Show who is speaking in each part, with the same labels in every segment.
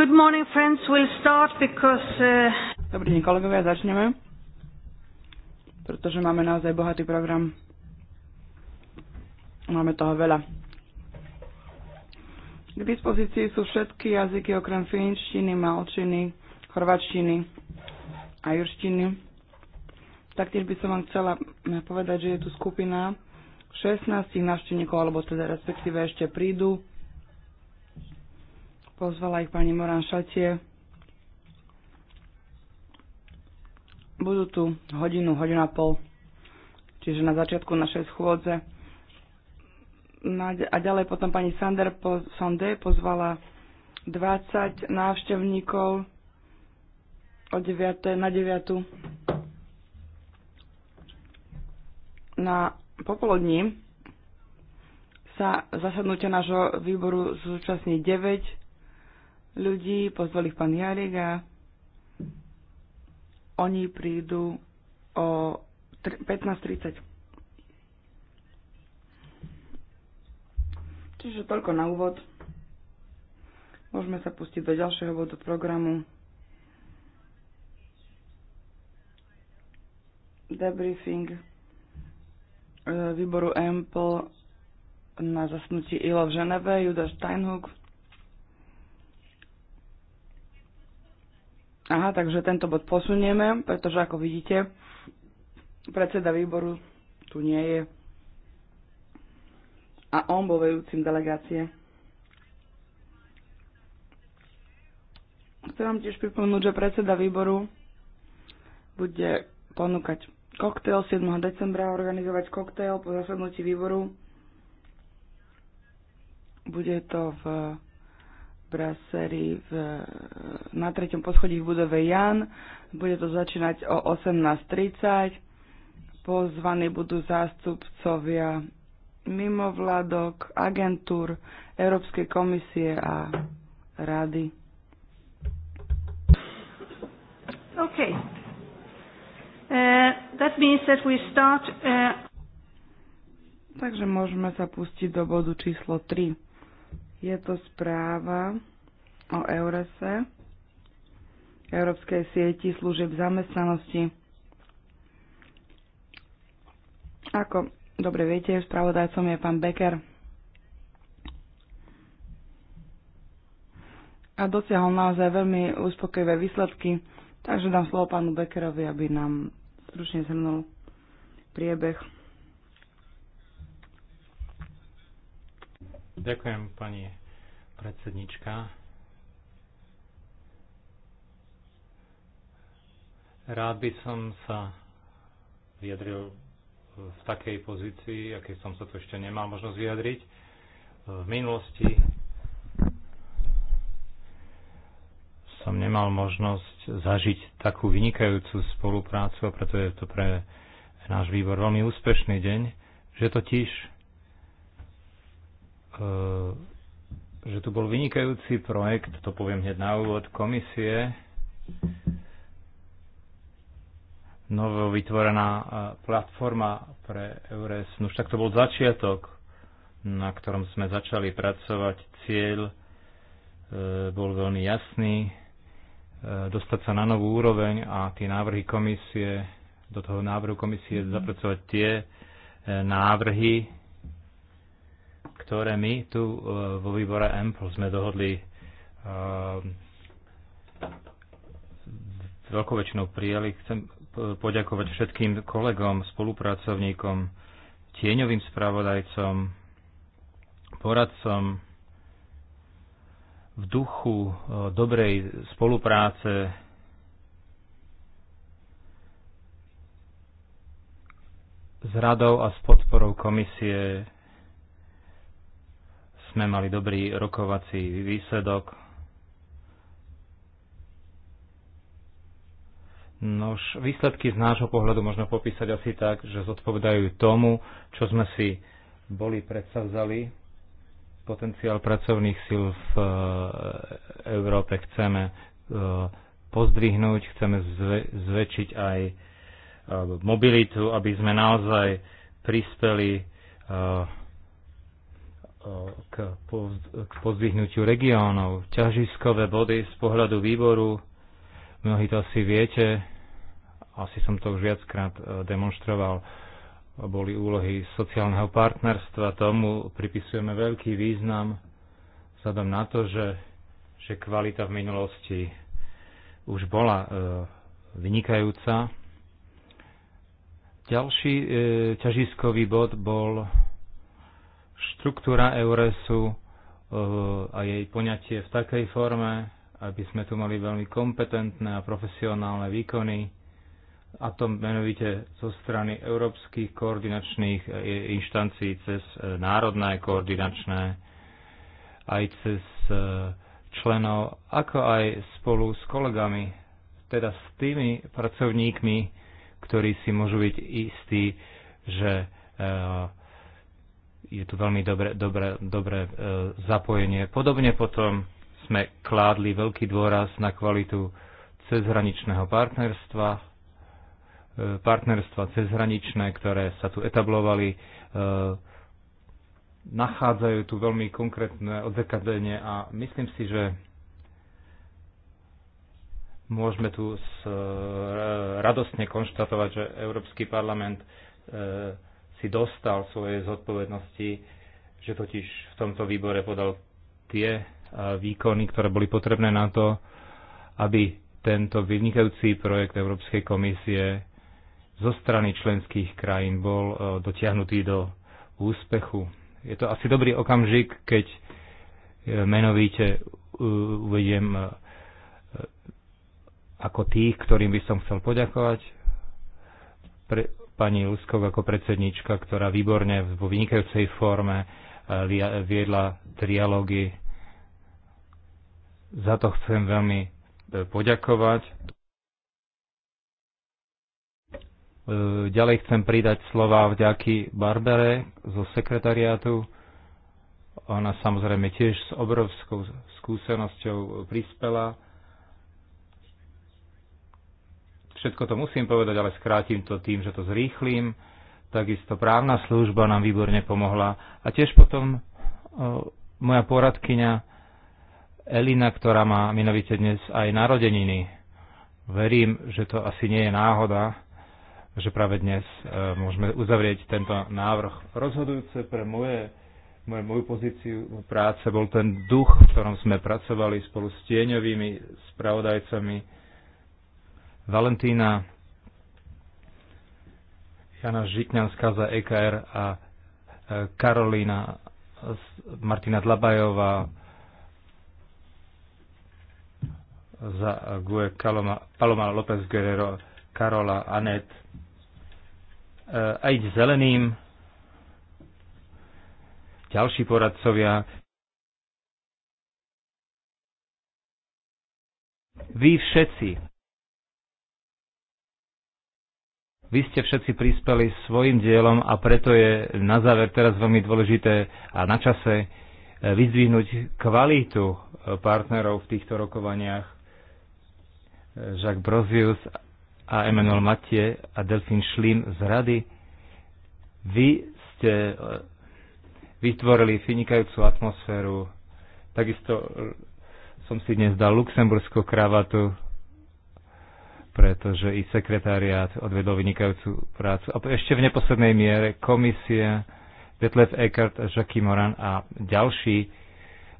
Speaker 1: Good morning, friends. We'll
Speaker 2: start because... Uh... Dobrý deň, kolegovia, začneme, pretože máme naozaj bohatý program. Máme toho veľa. K dispozícii sú všetky jazyky okrem finštiny, malčiny, chorvačtiny a jurštiny. Taktiež by som vám chcela eh, povedať, že je tu skupina 16 návštevníkov, alebo teda respektíve ešte prídu Pozvala ich pani Moran Šatie. Budú tu hodinu, hodinu a pol. Čiže na začiatku našej schôdze. No a ďalej potom pani Sander po, Sonde pozvala 20 návštevníkov od 9. na 9. Na popoludní sa zasadnutia nášho výboru zúčastní 9 ľudí, pozvali ich pán Jarek a oni prídu o 15.30. Čiže toľko na úvod. Môžeme sa pustiť do ďalšieho bodu programu. Debriefing e, výboru EMPL na zasnutí ILO v Ženeve, Judas Steinhug Aha, takže tento bod posunieme, pretože ako vidíte, predseda výboru tu nie je a on bol vedúcim delegácie. Chcem vám tiež pripomenúť, že predseda výboru bude ponúkať koktail 7. decembra, organizovať koktail po zasadnutí výboru. Bude to v Brasery v, na treťom poschodí v budove Jan. Bude to začínať o 18.30. Pozvaní budú zástupcovia mimovládok, agentúr, Európskej komisie a rady.
Speaker 1: OK. Uh, that means that we
Speaker 2: start... Uh... Takže môžeme sa pustiť do bodu číslo 3. Je to správa o Eurese, Európskej sieti služieb zamestnanosti. Ako dobre viete, spravodajcom je pán Becker. A dosiahol naozaj veľmi uspokojivé výsledky, takže dám slovo pánu Beckerovi, aby nám stručne zhrnul priebeh
Speaker 3: Ďakujem, pani predsednička. Rád by som sa vyjadril v takej pozícii, aké som sa tu ešte nemal možnosť vyjadriť. V minulosti som nemal možnosť zažiť takú vynikajúcu spoluprácu a preto je to pre náš výbor veľmi úspešný deň, že totiž E, že tu bol vynikajúci projekt, to poviem hneď na úvod, komisie, novo vytvorená e, platforma pre EURES. No už tak to bol začiatok, na ktorom sme začali pracovať. Cieľ e, bol veľmi jasný, dostať sa na novú úroveň a tie návrhy komisie, do toho návrhu komisie mhm. zapracovať tie návrhy, ktoré my tu e, vo výbore EMPL sme dohodli e, veľkou väčšinou prijali. Chcem poďakovať všetkým kolegom, spolupracovníkom, tieňovým spravodajcom, poradcom v duchu e, dobrej spolupráce s radou a s podporou komisie sme mali dobrý rokovací výsledok. Nož, výsledky z nášho pohľadu možno popísať asi tak, že zodpovedajú tomu, čo sme si boli predsavzali. Potenciál pracovných síl v e, Európe chceme e, pozdvihnúť, chceme zväčšiť aj e, mobilitu, aby sme naozaj prispeli k, poz, k pozdvihnutiu regiónov. Ťažiskové body z pohľadu výboru, mnohí to asi viete, asi som to už viackrát e, demonstroval, boli úlohy sociálneho partnerstva. Tomu pripisujeme veľký význam vzhľadom na to, že, že kvalita v minulosti už bola e, vynikajúca. Ďalší e, ťažiskový bod bol štruktúra Euresu eh, a jej poňatie v takej forme, aby sme tu mali veľmi kompetentné a profesionálne výkony, a to menovite zo strany európskych koordinačných eh, inštancií cez eh, národné koordinačné, aj cez členov, ako aj spolu s kolegami, teda s tými pracovníkmi, ktorí si môžu byť istí, že je tu veľmi dobré, dobré, dobré e, zapojenie. Podobne potom sme kládli veľký dôraz na kvalitu cezhraničného partnerstva, e, partnerstva cezhraničné, ktoré sa tu etablovali. E, nachádzajú tu veľmi konkrétne odzrkadlenie a myslím si, že môžeme tu s, e, radostne konštatovať, že Európsky parlament e, si dostal svoje zodpovednosti, že totiž v tomto výbore podal tie e, výkony, ktoré boli potrebné na to, aby tento vynikajúci projekt Európskej komisie zo strany členských krajín bol e, dotiahnutý do úspechu. Je to asi dobrý okamžik, keď e, menovite uvediem ako tých, ktorým by som chcel poďakovať. Pre, pani Luskov ako predsednička, ktorá výborne vo vynikajúcej forme eh, viedla trialógy. Za to chcem veľmi eh, poďakovať. Eh, ďalej chcem pridať slova vďaky Barbere zo sekretariátu. Ona samozrejme tiež s obrovskou skúsenosťou prispela Všetko to musím povedať, ale skrátim to tým, že to zrýchlim. Takisto právna služba nám výborne pomohla. A tiež potom o, moja poradkyňa Elina, ktorá má minovite dnes aj narodeniny. Verím, že to asi nie je náhoda, že práve dnes e, môžeme uzavrieť tento návrh. Rozhodujúce pre moje moje, moju pozíciu práce bol ten duch, v ktorom sme pracovali spolu s tieňovými spravodajcami. Valentína, Jana Žitňanská za EKR a e, Karolína Martina Dlabajová za GUE Kaloma, Paloma López Guerrero, Karola Anet a e, zeleným. Ďalší poradcovia. Vy všetci Vy ste všetci prispeli svojim dielom a preto je na záver teraz veľmi dôležité a na čase eh, vyzvihnúť kvalitu eh, partnerov v týchto rokovaniach. Eh, Jacques Brozius a Emmanuel Matie a Delfín Šlím z Rady. Vy ste vytvorili vynikajúcu atmosféru. Takisto som si dnes dal luxemburskú kravatu, pretože i sekretariát odvedol vynikajúcu prácu. A ešte v neposlednej miere komisia, Detlef Eckert, Jackie Moran a ďalší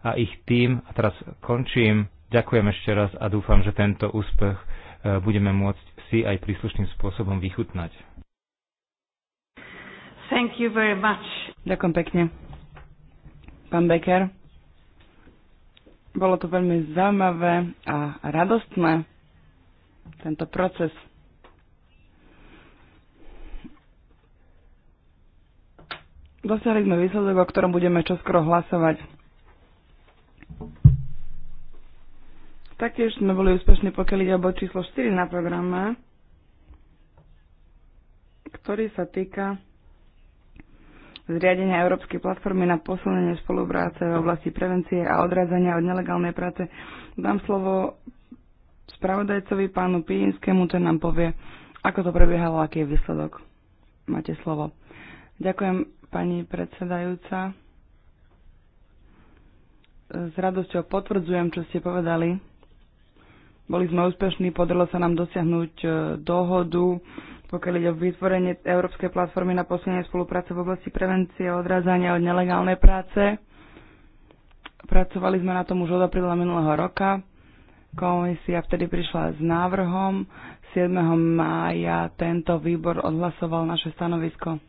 Speaker 3: a ich tým. A teraz končím. Ďakujem ešte raz a dúfam, že tento úspech e, budeme môcť si aj príslušným spôsobom vychutnať.
Speaker 2: Thank you very much. Ďakujem pekne. Pán Becker, bolo to veľmi zaujímavé a radostné tento proces. Dosiahli sme výsledok, o ktorom budeme čoskoro hlasovať. Taktiež sme boli úspešní, pokiaľ ide o číslo 4 na programe, ktorý sa týka zriadenia Európskej platformy na posilnenie spolupráce v oblasti prevencie a odradzania od nelegálnej práce. Dám slovo spravodajcovi, pánu Pijinskému, ten nám povie, ako to prebiehalo, aký je výsledok. Máte slovo. Ďakujem, pani predsedajúca. S radosťou potvrdzujem, čo ste povedali. Boli sme úspešní, podarilo sa nám dosiahnuť e, dohodu, pokiaľ ide o vytvorenie Európskej platformy na posilnenie spolupráce v oblasti prevencie a odrádzania od nelegálnej práce. Pracovali sme na tom už od apríla minulého roka. Komisia vtedy prišla s návrhom. 7. mája tento výbor odhlasoval naše stanovisko.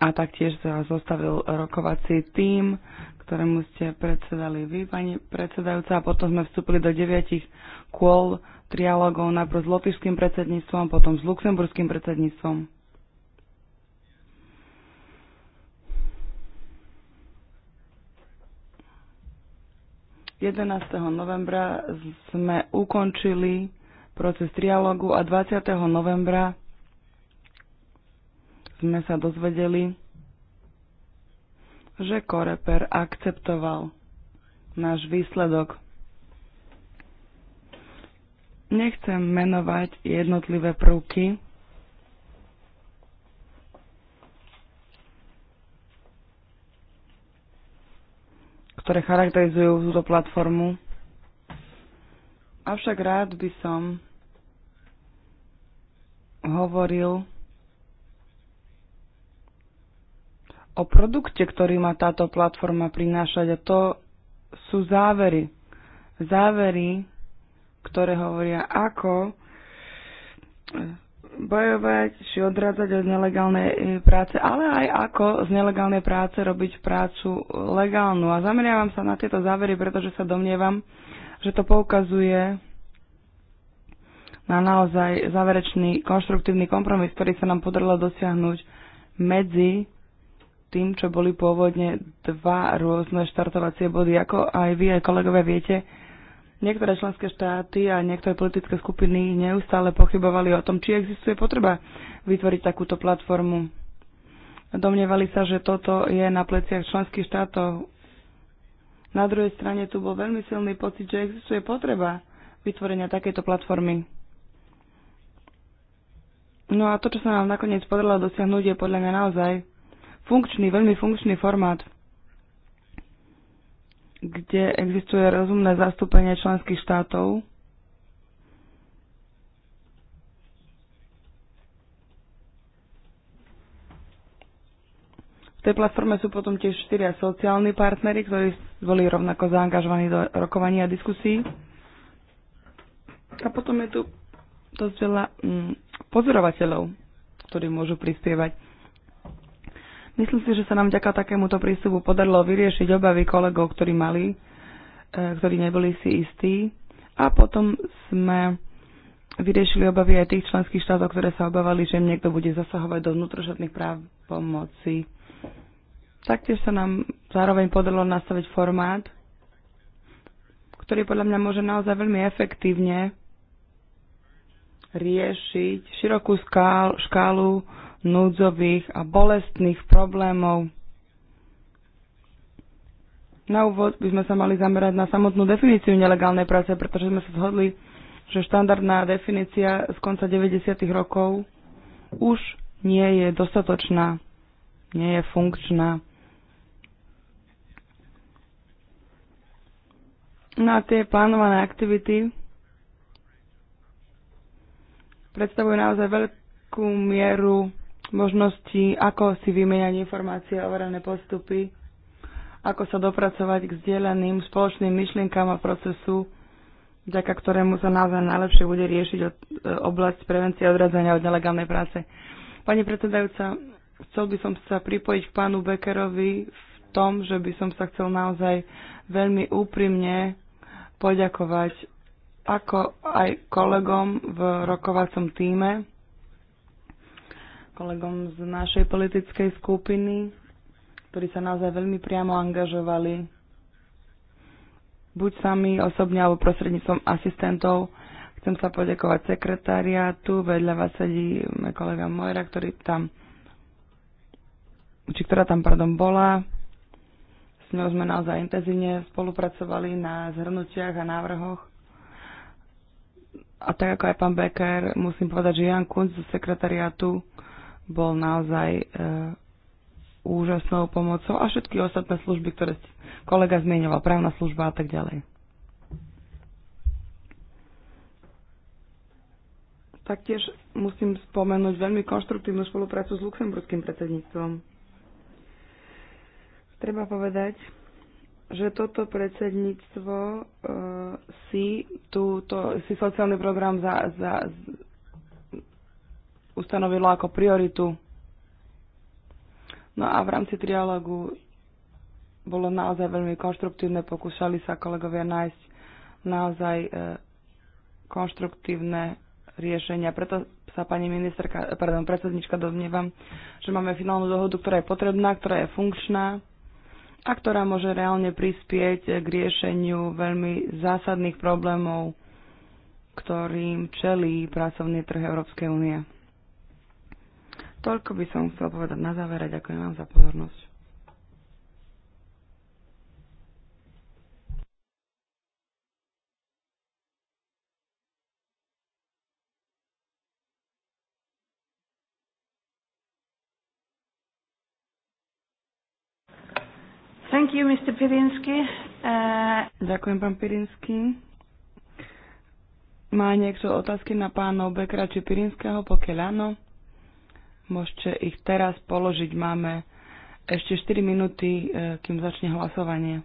Speaker 2: A taktiež sa zostavil rokovací tým, ktorému ste predsedali vy, pani predsedajúca. A potom sme vstúpili do deviatich kôl trialogov najprv s lotišským predsedníctvom, potom s luxemburským predsedníctvom. 11. novembra sme ukončili proces trialógu a 20. novembra sme sa dozvedeli, že Koreper akceptoval náš výsledok. Nechcem menovať jednotlivé prvky, ktoré charakterizujú túto platformu. Avšak rád by som hovoril o produkte, ktorý má táto platforma prinášať a to sú závery. Závery, ktoré hovoria, ako bojovať či odrádzať od nelegálnej e, práce, ale aj ako z nelegálnej práce robiť prácu e, legálnu. A zameriavam sa na tieto závery, pretože sa domnievam, že to poukazuje na naozaj záverečný konštruktívny kompromis, ktorý sa nám podarilo dosiahnuť medzi tým, čo boli pôvodne dva rôzne štartovacie body. Ako aj vy, aj kolegovia viete, Niektoré členské štáty a niektoré politické skupiny neustále pochybovali o tom, či existuje potreba vytvoriť takúto platformu. Domnievali sa, že toto je na pleciach členských štátov. Na druhej strane tu bol veľmi silný pocit, že existuje potreba vytvorenia takejto platformy. No a to, čo sa nám nakoniec podarilo dosiahnuť, je podľa mňa naozaj funkčný, veľmi funkčný formát kde existuje rozumné zastúpenie členských štátov. V tej platforme sú potom tiež štyria sociálni partnery, ktorí boli rovnako zaangažovaní do rokovania a diskusí. A potom je tu dosť veľa mm, pozorovateľov, ktorí môžu prispievať. Myslím si, že sa nám vďaka takémuto prístupu podarilo vyriešiť obavy kolegov, ktorí mali, e, ktorí neboli si istí. A potom sme vyriešili obavy aj tých členských štátov, ktoré sa obávali, že niekto bude zasahovať do vnútroštátnych práv pomoci. Taktiež sa nám zároveň podarilo nastaviť formát, ktorý podľa mňa môže naozaj veľmi efektívne riešiť širokú škálu núdzových a bolestných problémov. Na úvod by sme sa mali zamerať na samotnú definíciu nelegálnej práce, pretože sme sa zhodli, že štandardná definícia z konca 90. rokov už nie je dostatočná, nie je funkčná. na no tie plánované aktivity predstavujú naozaj veľkú mieru možnosti, ako si vymeniať informácie o verejné postupy, ako sa dopracovať k zdieľaným spoločným myšlienkám a procesu, vďaka ktorému sa naozaj najlepšie bude riešiť e, oblasť prevencie odradzania od nelegálnej práce. Pani predsedajúca, chcel by som sa pripojiť k pánu Bekerovi v tom, že by som sa chcel naozaj veľmi úprimne poďakovať ako aj kolegom v rokovacom týme, kolegom z našej politickej skupiny, ktorí sa naozaj veľmi priamo angažovali, buď sami osobne alebo prostredníctvom asistentov. Chcem sa poďakovať sekretariátu, vedľa vás sedí kolega Mojra, ktorý tam, či ktorá tam, pardon, bola. S ňou sme naozaj intenzívne spolupracovali na zhrnutiach a návrhoch. A tak ako aj pán Becker, musím povedať, že Jan Kunc zo sekretariátu bol naozaj e, úžasnou pomocou a všetky ostatné služby, ktoré kolega zmienoval, právna služba a tak ďalej. Taktiež musím spomenúť veľmi konštruktívnu spoluprácu s luxemburským predsedníctvom. Treba povedať, že toto predsedníctvo e, si, túto, si sociálny program za, za, ustanovilo ako prioritu. No a v rámci trialógu bolo naozaj veľmi konštruktívne, pokúšali sa kolegovia nájsť naozaj e, konštruktívne riešenia. Preto sa pani ministerka, pardon, predsednička doznievam, že máme finálnu dohodu, ktorá je potrebná, ktorá je funkčná a ktorá môže reálne prispieť k riešeniu veľmi zásadných problémov, ktorým čelí pracovný trh Európskej únie. Toľko by som chcel povedať na záver a ďakujem vám za pozornosť. Thank you, Mr. Pirinsky. Uh... Ďakujem, pán Pirinsky. Má niekto otázky na pána Bekra či Pirinského? Pokiaľ áno, Môžete ich teraz položiť. Máme ešte 4 minúty, e, kým začne hlasovanie.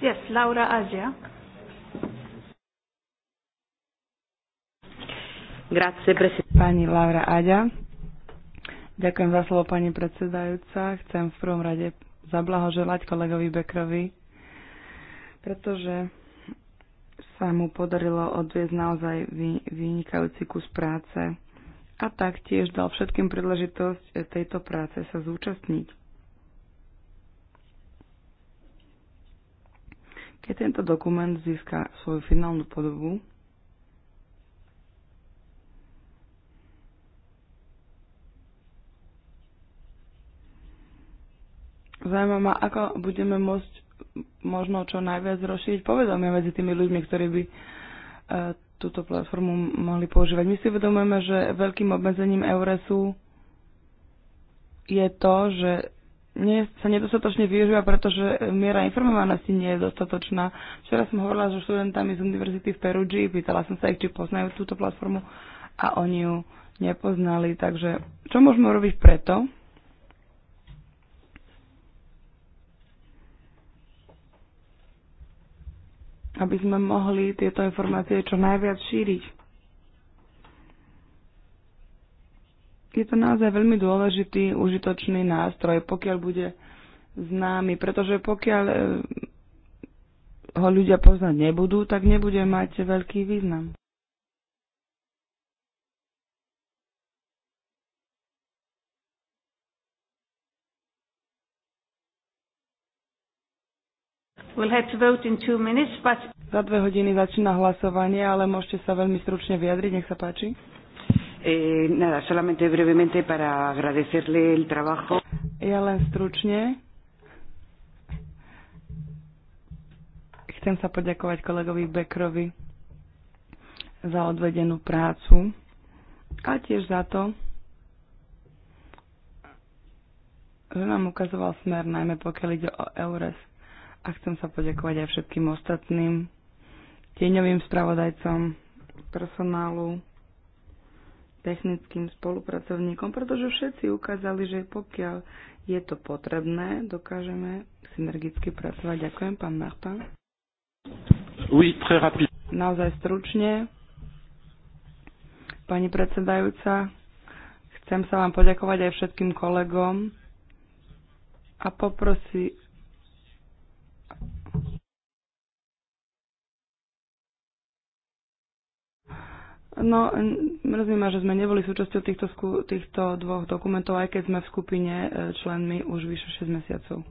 Speaker 1: Yes, Laura Asia.
Speaker 2: Grazie, presidente. pani Laura Aďa. Ďakujem za slovo, pani predsedajúca. Chcem v prvom rade zablahoželať kolegovi Bekrovi, pretože sa mu podarilo odviezť naozaj vynikajúci kus práce a taktiež dal všetkým príležitosť tejto práce sa zúčastniť. Keď tento dokument získa svoju finálnu podobu, Zaujíma ako budeme môcť možno čo najviac rozšíriť povedomie medzi tými ľuďmi, ktorí by e, túto platformu mohli používať. My si uvedomujeme, že veľkým obmedzením Euresu je to, že nie, sa nedostatočne využíva, pretože miera informovanosti nie je dostatočná. Včera som hovorila so študentami z univerzity v Perugii, pýtala som sa ich, či poznajú túto platformu a oni ju nepoznali. Takže čo môžeme robiť preto, aby sme mohli tieto informácie čo najviac šíriť. Je to naozaj veľmi dôležitý, užitočný nástroj, pokiaľ bude známy, pretože pokiaľ eh, ho ľudia poznať nebudú, tak nebude mať veľký význam. We'll have to vote in two minutes, but... Za dve hodiny začína hlasovanie, ale môžete sa veľmi stručne vyjadriť, nech sa páči.
Speaker 4: Eh, nada, solamente brevemente para agradecerle el trabajo.
Speaker 2: Ja len stručne. Chcem sa poďakovať kolegovi Bekrovi za odvedenú prácu a tiež za to, že nám ukazoval smer, najmä pokiaľ ide o EURES a chcem sa poďakovať aj všetkým ostatným tieňovým spravodajcom, personálu, technickým spolupracovníkom, pretože všetci ukázali, že pokiaľ je to potrebné, dokážeme synergicky pracovať. Ďakujem, pán Martin.
Speaker 5: Oui, très rapide.
Speaker 2: Naozaj stručne. Pani predsedajúca, chcem sa vám poďakovať aj všetkým kolegom a poprosi, No, mrzí ma, že sme neboli súčasťou týchto, sku- týchto dvoch dokumentov, aj keď sme v skupine e, členmi už vyše 6 mesiacov.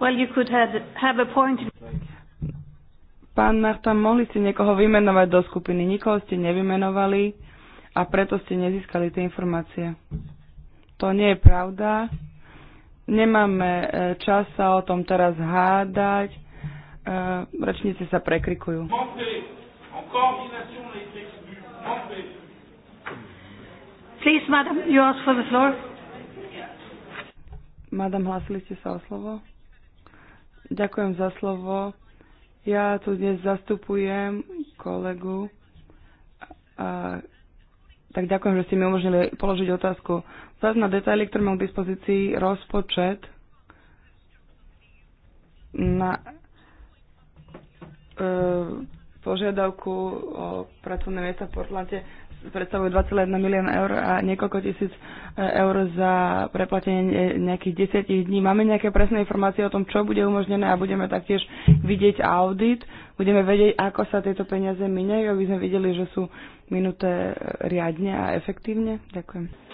Speaker 1: Well, you could have, have a point.
Speaker 2: Pán Martin, mohli ste niekoho vymenovať do skupiny. Nikoho ste nevymenovali a preto ste nezískali tie informácie. To nie je pravda. Nemáme e, čas sa o tom teraz hádať. E, rečníci sa prekrikujú. Please, madam, you ask for the floor. Madam, hlasili ste sa o slovo? Ďakujem za slovo. Ja tu dnes zastupujem kolegu. A, tak ďakujem, že ste mi umožnili položiť otázku. Zas na detaily, ktoré mal k dispozícii rozpočet na e, požiadavku o pracovné miesta v Portlante predstavujú 2,1 milión eur a niekoľko tisíc e, eur za preplatenie nejakých 10 dní. Máme nejaké presné informácie o tom, čo bude umožnené a budeme taktiež vidieť audit. Budeme vedieť, ako sa tieto peniaze minajú, aby sme videli, že sú minuté e, riadne a efektívne. Ďakujem.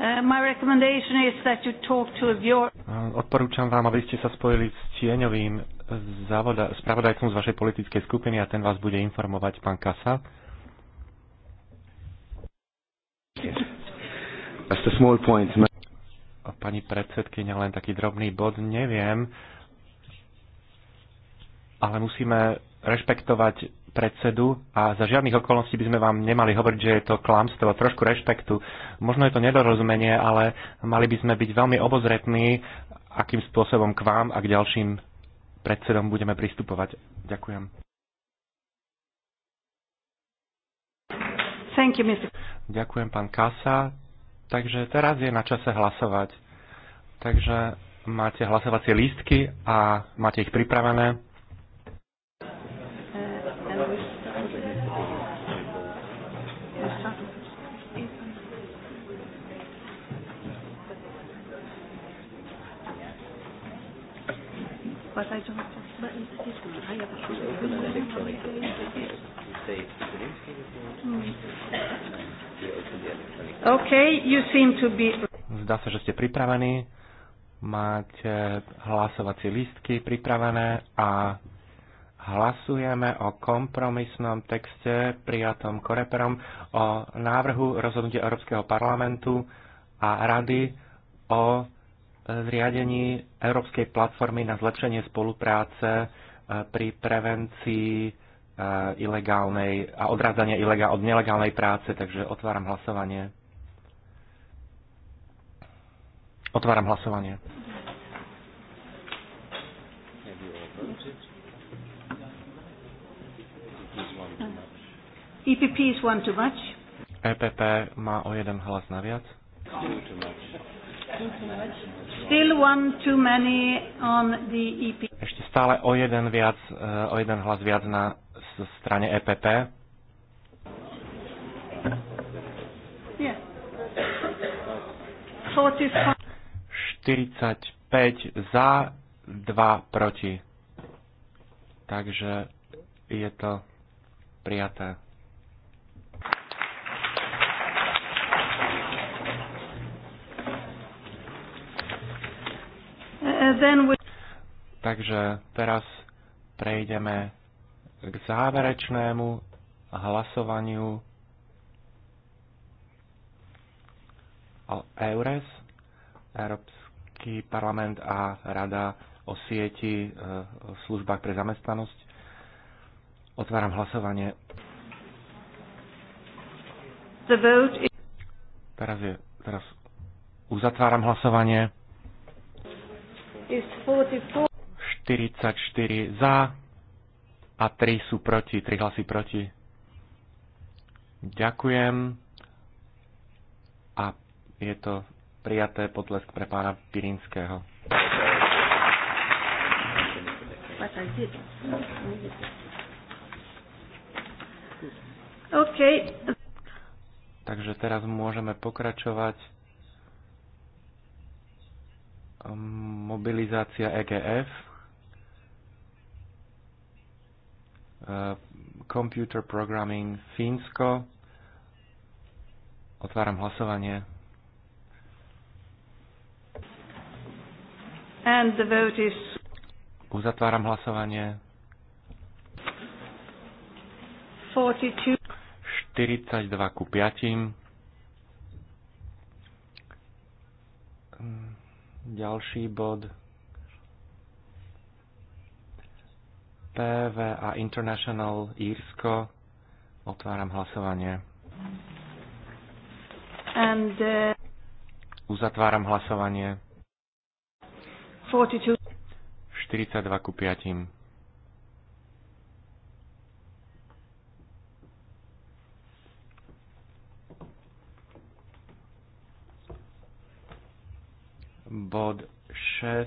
Speaker 1: Uh,
Speaker 5: odporúčam vám, aby ste sa spojili s tieňovým závoda, spravodajcom z vašej politickej skupiny a ten vás bude informovať, pán Kasa. Pani predsedkynia, len taký drobný bod, neviem, ale musíme rešpektovať predsedu a za žiadnych okolností by sme vám nemali hovoriť, že je to klamstvo. Trošku rešpektu. Možno je to nedorozumenie, ale mali by sme byť veľmi obozretní, akým spôsobom k vám a k ďalším predsedom budeme pristupovať. Ďakujem. Thank you, Mr. Ďakujem, pán Kasa. Takže teraz je na čase hlasovať. Takže máte hlasovacie lístky a máte ich pripravené. Zdá sa, že ste pripravení. Máte hlasovacie lístky pripravené a hlasujeme o kompromisnom texte prijatom Koreperom o návrhu rozhodnutia Európskeho parlamentu a rady o v riadení Európskej platformy na zlepšenie spolupráce e, pri prevencii e, ilegálnej a odrádzania ilegál, od nelegálnej práce, takže otváram hlasovanie. Otváram hlasovanie. EPP, is one too much. EPP má o jeden hlas naviac.
Speaker 1: Still one too many on the EP. Ešte
Speaker 5: stále o jeden, viac, eh, o jeden hlas viac na strane EPP.
Speaker 6: Yeah. 45.
Speaker 5: 45 za, 2 proti. Takže je to prijaté. Takže teraz prejdeme k záverečnému hlasovaniu o EURES, Európsky parlament a Rada o sieti v e, službách pre zamestnanosť. Otváram hlasovanie.
Speaker 1: Is...
Speaker 5: Teraz, je, teraz uzatváram hlasovanie.
Speaker 1: 44
Speaker 5: za a 3 sú proti, 3 hlasy proti. Ďakujem. A je to prijaté potlesk pre pána Pirinského. Okay. Takže teraz môžeme pokračovať mobilizácia EGF, e, Computer Programming Fínsko. Otváram hlasovanie.
Speaker 1: And the vote is...
Speaker 5: Uzatváram hlasovanie. 42. ku 5. Ďalší bod. PV a International Írsko. Otváram hlasovanie.
Speaker 1: And, uh...
Speaker 5: Uzatváram hlasovanie. 42. 42 ku 5. bod 6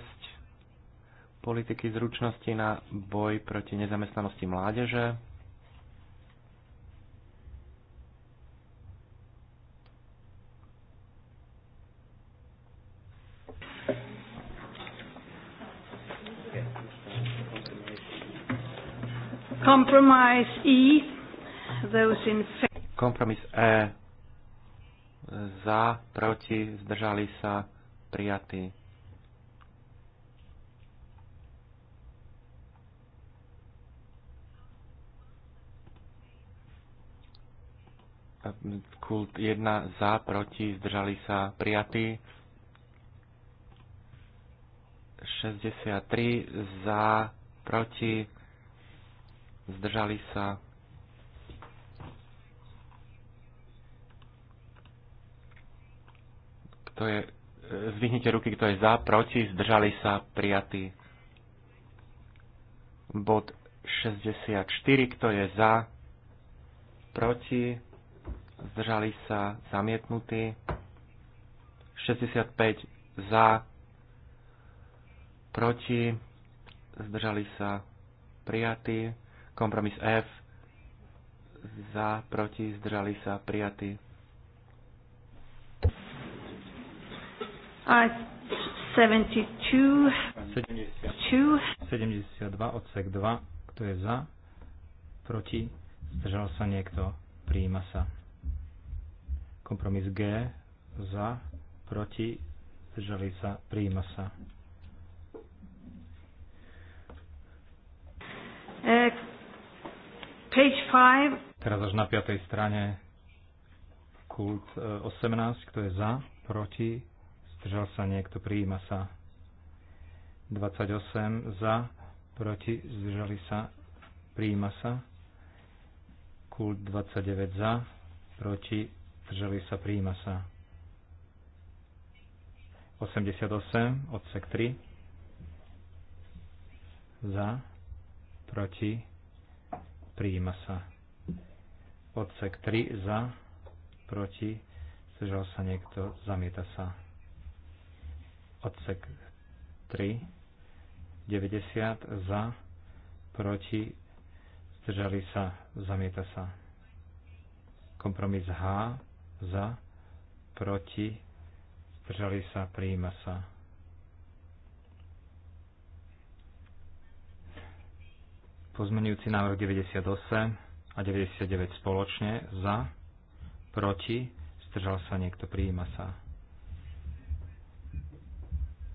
Speaker 5: politiky zručnosti na boj proti nezamestnanosti mládeže.
Speaker 1: Compromise E, those in
Speaker 5: Kompromis E za, proti, zdržali sa prijatý. Kult 1 za, proti, zdržali sa, prijatý. 63 za, proti, zdržali sa, kto je zvihnite ruky, kto je za, proti, zdržali sa, prijatý. Bod 64, kto je za, proti, zdržali sa, zamietnutý. 65 za, proti, zdržali sa, prijatý. Kompromis F, za, proti, zdržali sa, prijatý
Speaker 2: 72,
Speaker 1: uh,
Speaker 3: odsek 2, kto je za, proti, zdržal sa niekto, prijíma sa. Kompromis G, za, proti, zdržali sa, prijíma sa.
Speaker 1: Uh, page
Speaker 3: Teraz až na 5. strane kult 18, uh, kto je za, proti, zdržal sa niekto, prijíma sa. 28 za, proti, zdržali sa, prijíma sa. Kult 29 za, proti, zdržali sa, prijíma sa. 88, odsek 3, za, proti, prijíma sa. Odsek 3, za, proti, zdržal sa niekto, zamieta sa. Odsek 3, 90 za, proti, zdržali sa, zamieta sa. Kompromis H za, proti, zdržali sa, prijíma sa. Pozmenujúci návrh 98 a 99 spoločne za, proti, zdržal sa niekto, prijíma sa.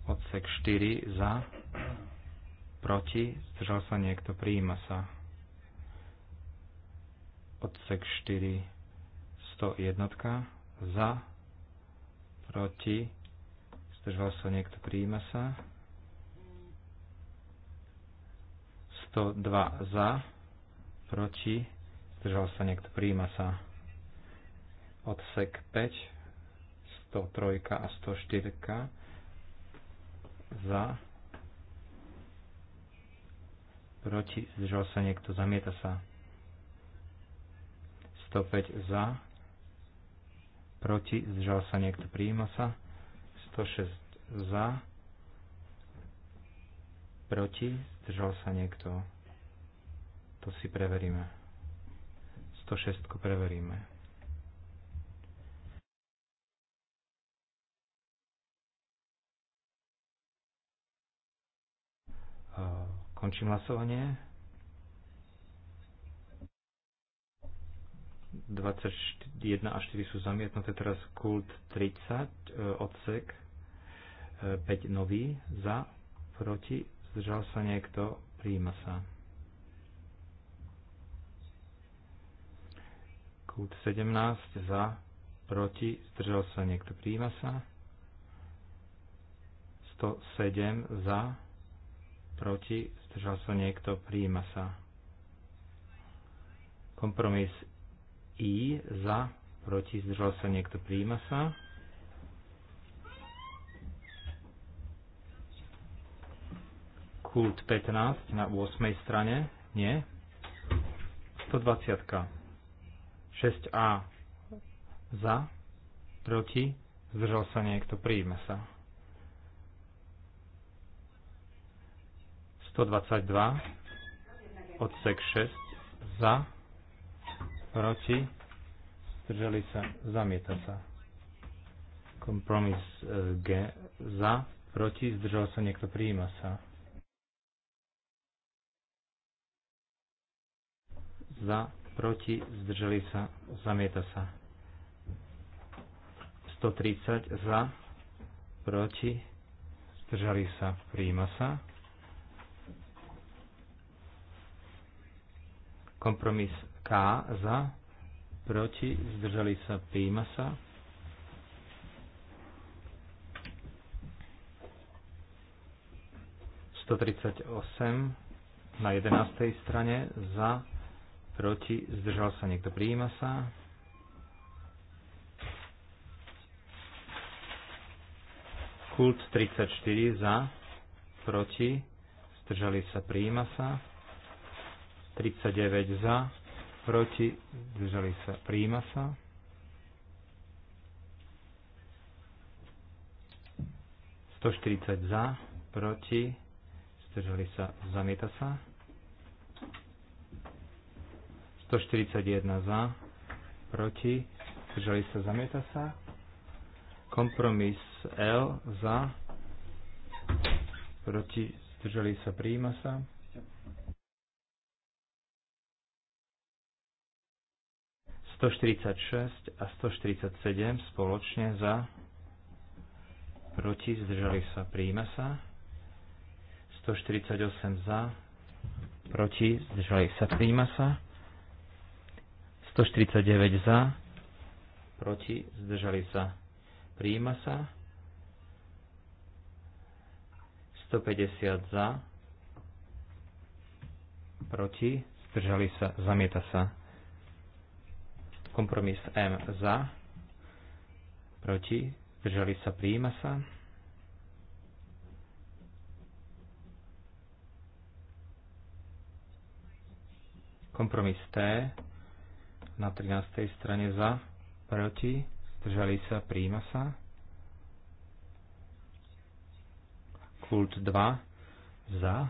Speaker 3: Odsek 4 za, proti, zdržal sa niekto, prijíma sa. Odsek 4, 101 za, proti, zdržal sa niekto, prijíma sa. 102 za, proti, zdržal sa niekto, prijíma sa. Odsek 5, 103 a 104 za, proti, zdržal sa niekto, zamieta sa. 105 za, proti, zdržal sa niekto, prijíma sa. 106 za, proti, zdržal sa niekto. To si preveríme. 106 preveríme. Končím hlasovanie. 21 a 4 sú zamietnuté, teraz kult 30, e, odsek 5 e, nový, za, proti, zdržal sa niekto, príjima sa. Kult 17, za, proti, zdržal sa niekto, príjima sa. 107 za, proti, Zdržal sa niekto? Prijíma sa. Kompromis I za, proti, zdržal sa niekto, prijíma sa. Kult 15 na 8. strane, nie. 120. 6a za, proti, zdržal sa niekto, prijíma sa. 122, odsek 6, za, proti, zdrželi sa, zamieta sa. Kompromis e, G, za, proti, zdržal sa niekto, prijíma sa. Za, proti, zdržali sa, zamieta sa. 130 za, proti, zdržali sa, príjma sa. Kompromis K za, proti, zdržali sa, príjma sa. na 11. strane za, proti, zdržal sa, niekto príjima sa. Kult 34 za, proti, zdržali sa, príjima sa. 39 za, proti, zdržali sa, príjma sa. Sto za, proti, zdržali sa, zamieta sa. 141 za, proti, zdržali sa, zamieta sa. Kompromis L za, proti, zdržali sa, príjma sa. 146 a 147 spoločne za, proti, zdržali sa, príjme sa. 148 za, proti, zdržali sa, príjme sa. 149 za, proti, zdržali sa, príjma sa. 150 za, proti, zdržali sa, zamieta sa. Kompromis M za, proti, zdržali sa, prijíma sa. Kompromis T na 13. strane za, proti, zdržali sa, prijíma sa. Kult 2 za,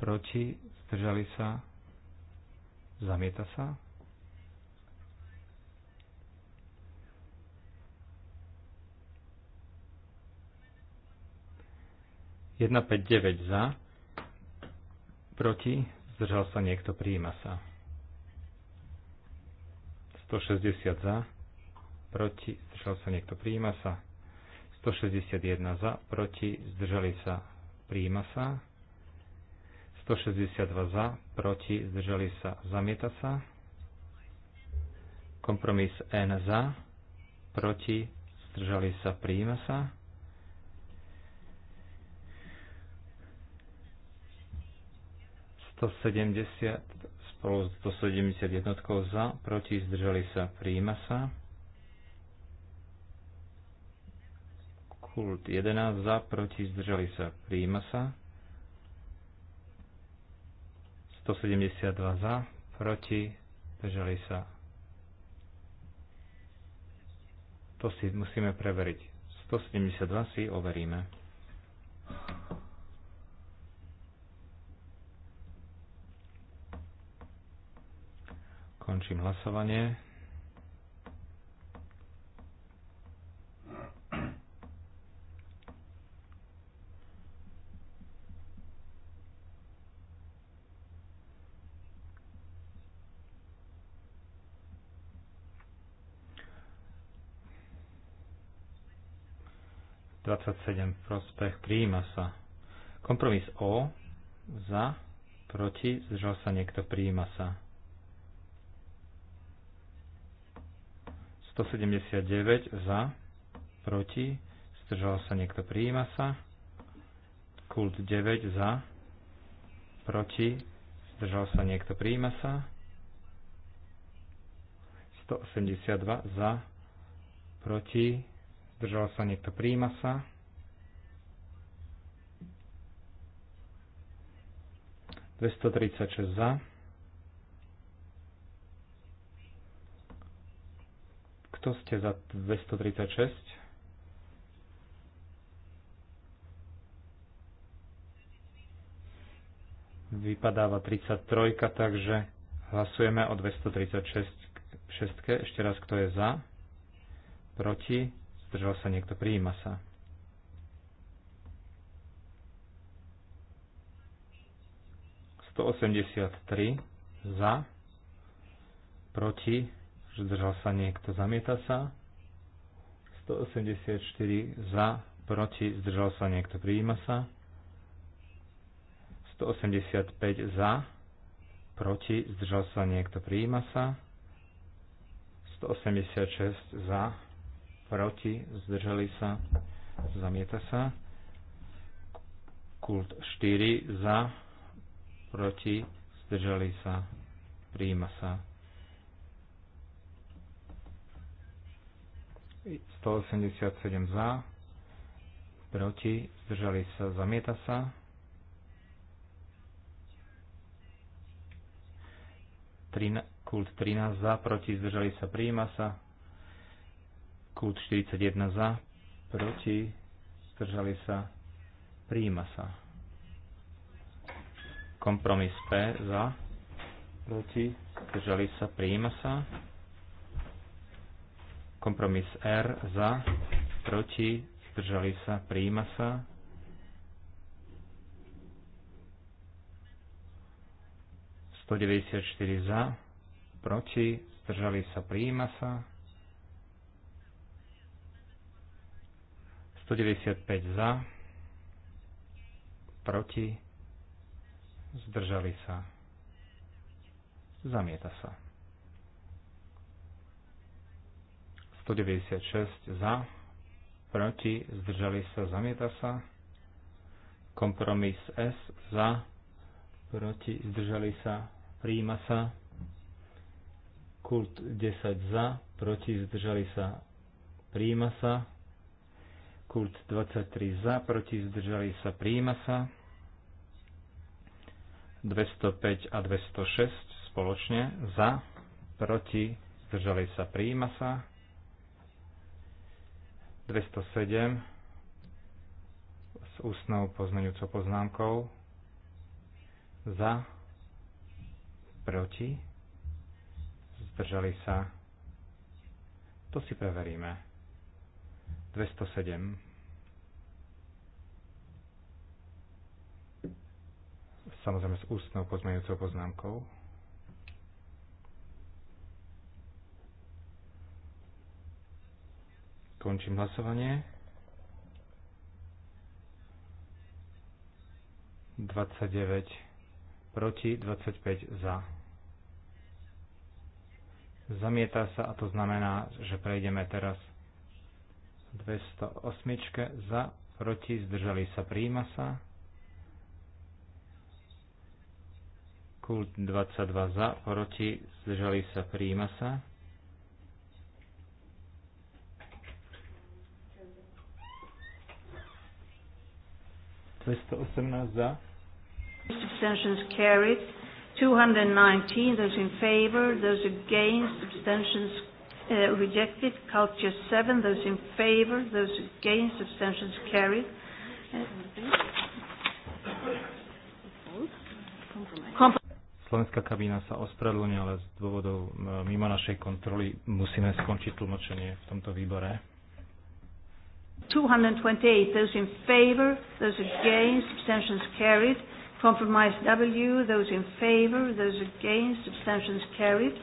Speaker 3: proti, zdržali sa, zamieta sa. 159 za, proti, zdržal sa niekto, prijíma sa. 160 za, proti, zdržal sa niekto, prijíma sa. 161 za, proti, zdržali sa, prijíma sa. 162 za, proti, zdržali sa, zamieta sa. Kompromis N za, proti, zdržali sa, prijíma sa. 170 spolu s 171 za, proti zdržali sa, príjima sa. Kult 11 za, proti zdržali sa, príjima sa. 172 za, proti zdržali sa. To si musíme preveriť. 172 si overíme. Končím hlasovanie. prospech prijíma sa. Kompromis O za, proti, zdržal sa niekto, prijíma sa. 179 za, proti, zdržal sa niekto, prijíma sa. Kult 9 za, proti, zdržal sa niekto, prijíma sa. 182 za, proti, zdržal sa niekto, prijíma sa. Dvestotridsaťšesť za, takto ste za 236? Vypadáva 33, takže hlasujeme o 236. Šestke. Ešte raz, kto je za? Proti? Zdržal sa niekto? Prijíma sa. 183 za, proti držal sa niekto, zamieta sa. 184 za, proti, zdržal sa niekto, prijíma sa. 185 za, proti, zdržal sa niekto, prijíma sa. 186 za, proti, zdržali sa, zamieta sa. Kult 4 za, proti, zdržali sa, prijíma sa. 187 za, proti, zdržali sa, zamieta sa. kult 13 za, proti, zdržali sa, prijíma sa. Kult 41 za, proti, zdržali sa, prijíma sa. Kompromis P za, proti, zdržali sa, prijíma sa. Kompromis R za, proti, zdržali sa, príjima sa. Sto za, proti, zdržali sa, prijíma sa. 195 za, proti, zdržali sa, zamieta sa. 196 za, proti, zdržali sa, zamieta sa. Kompromis S za, proti, zdržali sa, príjima sa. Kult 10 za, proti, zdržali sa, príjima sa. Kult 23 za, proti, zdržali sa, príjima sa. 205 a 206 spoločne za, proti, zdržali sa, príjima sa. 207 s ústnou pozmeňujúcou poznámkou za, proti, zdržali sa. To si preveríme. 207. Samozrejme s ústnou pozmeňujúcou poznámkou. Končím hlasovanie. 29 proti, 25 za. Zamieta sa a to znamená, že prejdeme teraz 208 za, proti, zdržali sa, príjma sa. Kult 22 za, proti, zdržali sa, príjma sa. 218 za.
Speaker 1: Abstentions carried. 219, those in favor, those against, abstentions uh, rejected. Culture 7, those in favor, those against, abstentions carried. Uh,
Speaker 3: Slovenská kabína sa ospravedlňuje, ale z dôvodov mimo našej kontroly musíme skončiť tlmočenie v tomto výbore.
Speaker 1: 228, those in favor, those against, abstentions carried. Compromise W, those in favor, those against, abstentions carried.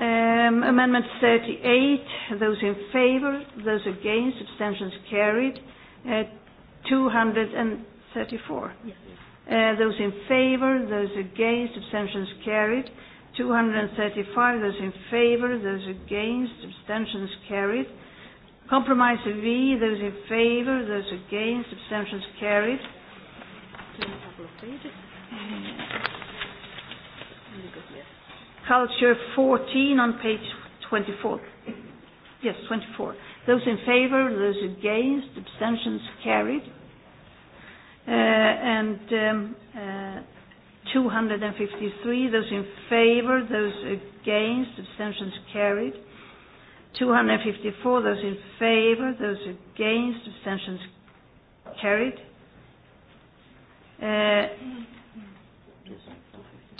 Speaker 1: Um, amendment 38, those in favor, those against, abstentions carried. Uh, 234. Yes. Uh, those in favor, those against, abstentions carried. 235, those in favor, those against, abstentions carried. Compromise V, those in favor, those against, abstentions carried. Culture 14 on page 24. Yes, 24. Those in favor, those against, abstentions carried. Uh, and um, uh, 253, those in favor, those against, abstentions carried. 254, those in favor, those against, abstentions carried. Uh,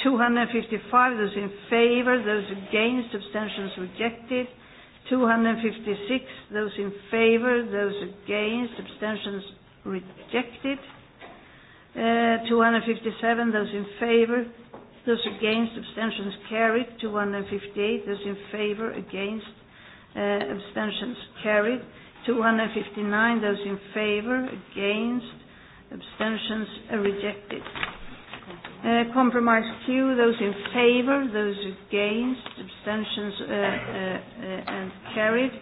Speaker 1: 255, those in favor, those against, abstentions rejected. 256, those in favor, those against, abstentions rejected. Uh, 257, those in favor. Those against, abstentions carried. 258, those in favor, against, uh, abstentions carried. 259, those in favor, against, abstentions are rejected. Uh, compromise Q, those in favor, those against, abstentions uh, uh, uh, and carried.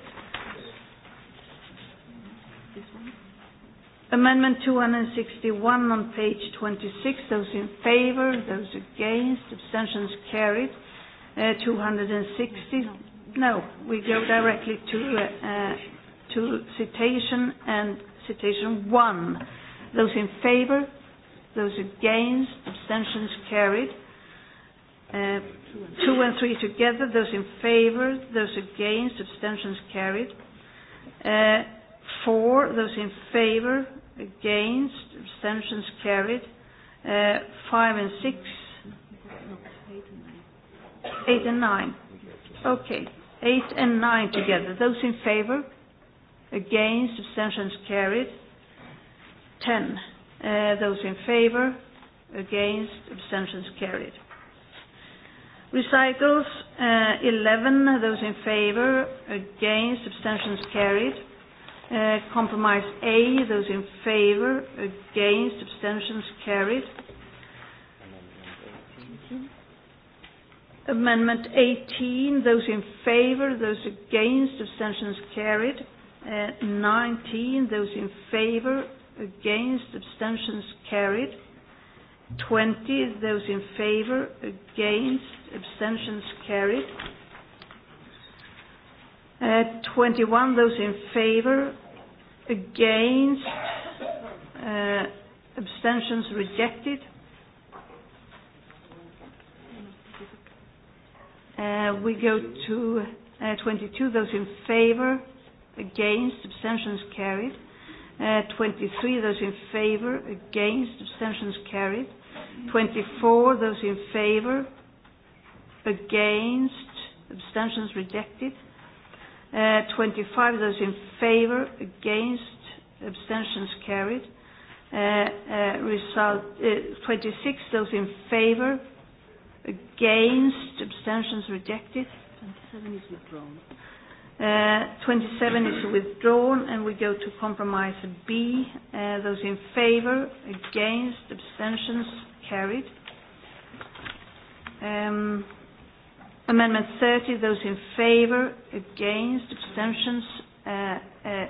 Speaker 1: Amendment 261 on page 26, those in favor, those against, abstentions carried. Uh, 260, no, we go directly to, uh, uh, to citation and citation one. Those in favor, those against, abstentions carried. Uh, two and three together, those in favor, those against, abstentions carried. Uh, four, those in favor, against, abstentions carried. Uh, five and six, eight and nine. Okay, eight and nine together. Those in favour, against, abstentions carried. Ten. Uh, those in favour, against, abstentions carried. Recycles, uh, 11, those in favour, against, abstentions carried. Uh, compromise A, those in favor, against, abstentions carried. Amendment 18, those in favor, those against, abstentions carried. Uh, 19, those in favor, against, abstentions carried. 20, those in favor, against, abstentions carried. Uh, 21, those in favor, against, uh, abstentions rejected. Uh, we go to uh, 22, those in favor, against, abstentions carried. Uh, 23, those in favor, against, abstentions carried. 24, those in favor, against, abstentions rejected. Uh, 25, those in favor, against, abstentions carried. Uh, uh, result uh, 26, those in favor, against, abstentions rejected. 27 is withdrawn. Uh, 27 is withdrawn, and we go to compromise B. Uh, those in favor, against, abstentions carried. Um, Amendment 30, those in favor, against, abstentions, uh, uh,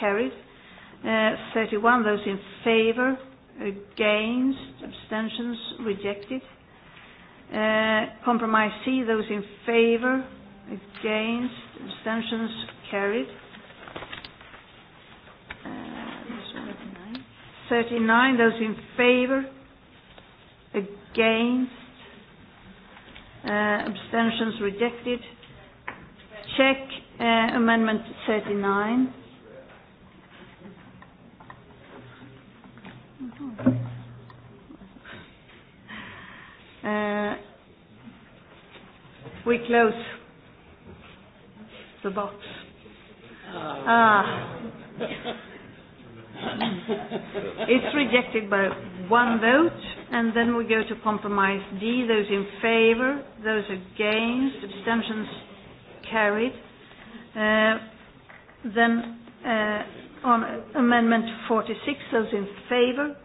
Speaker 1: carried. Uh, 31, those in favor, against, abstentions, rejected. Uh, compromise C, those in favor, against, abstentions, carried. Uh, 39, those in favor, against, Uh, abstentions rejected. Check uh, amendment 39. Uh, we close the box. Ah. ah.
Speaker 6: It's rejected by one
Speaker 1: vote and then we go to compromise D. Those in favor, those against, abstentions carried. Uh, then uh, on amendment 46, those in favor,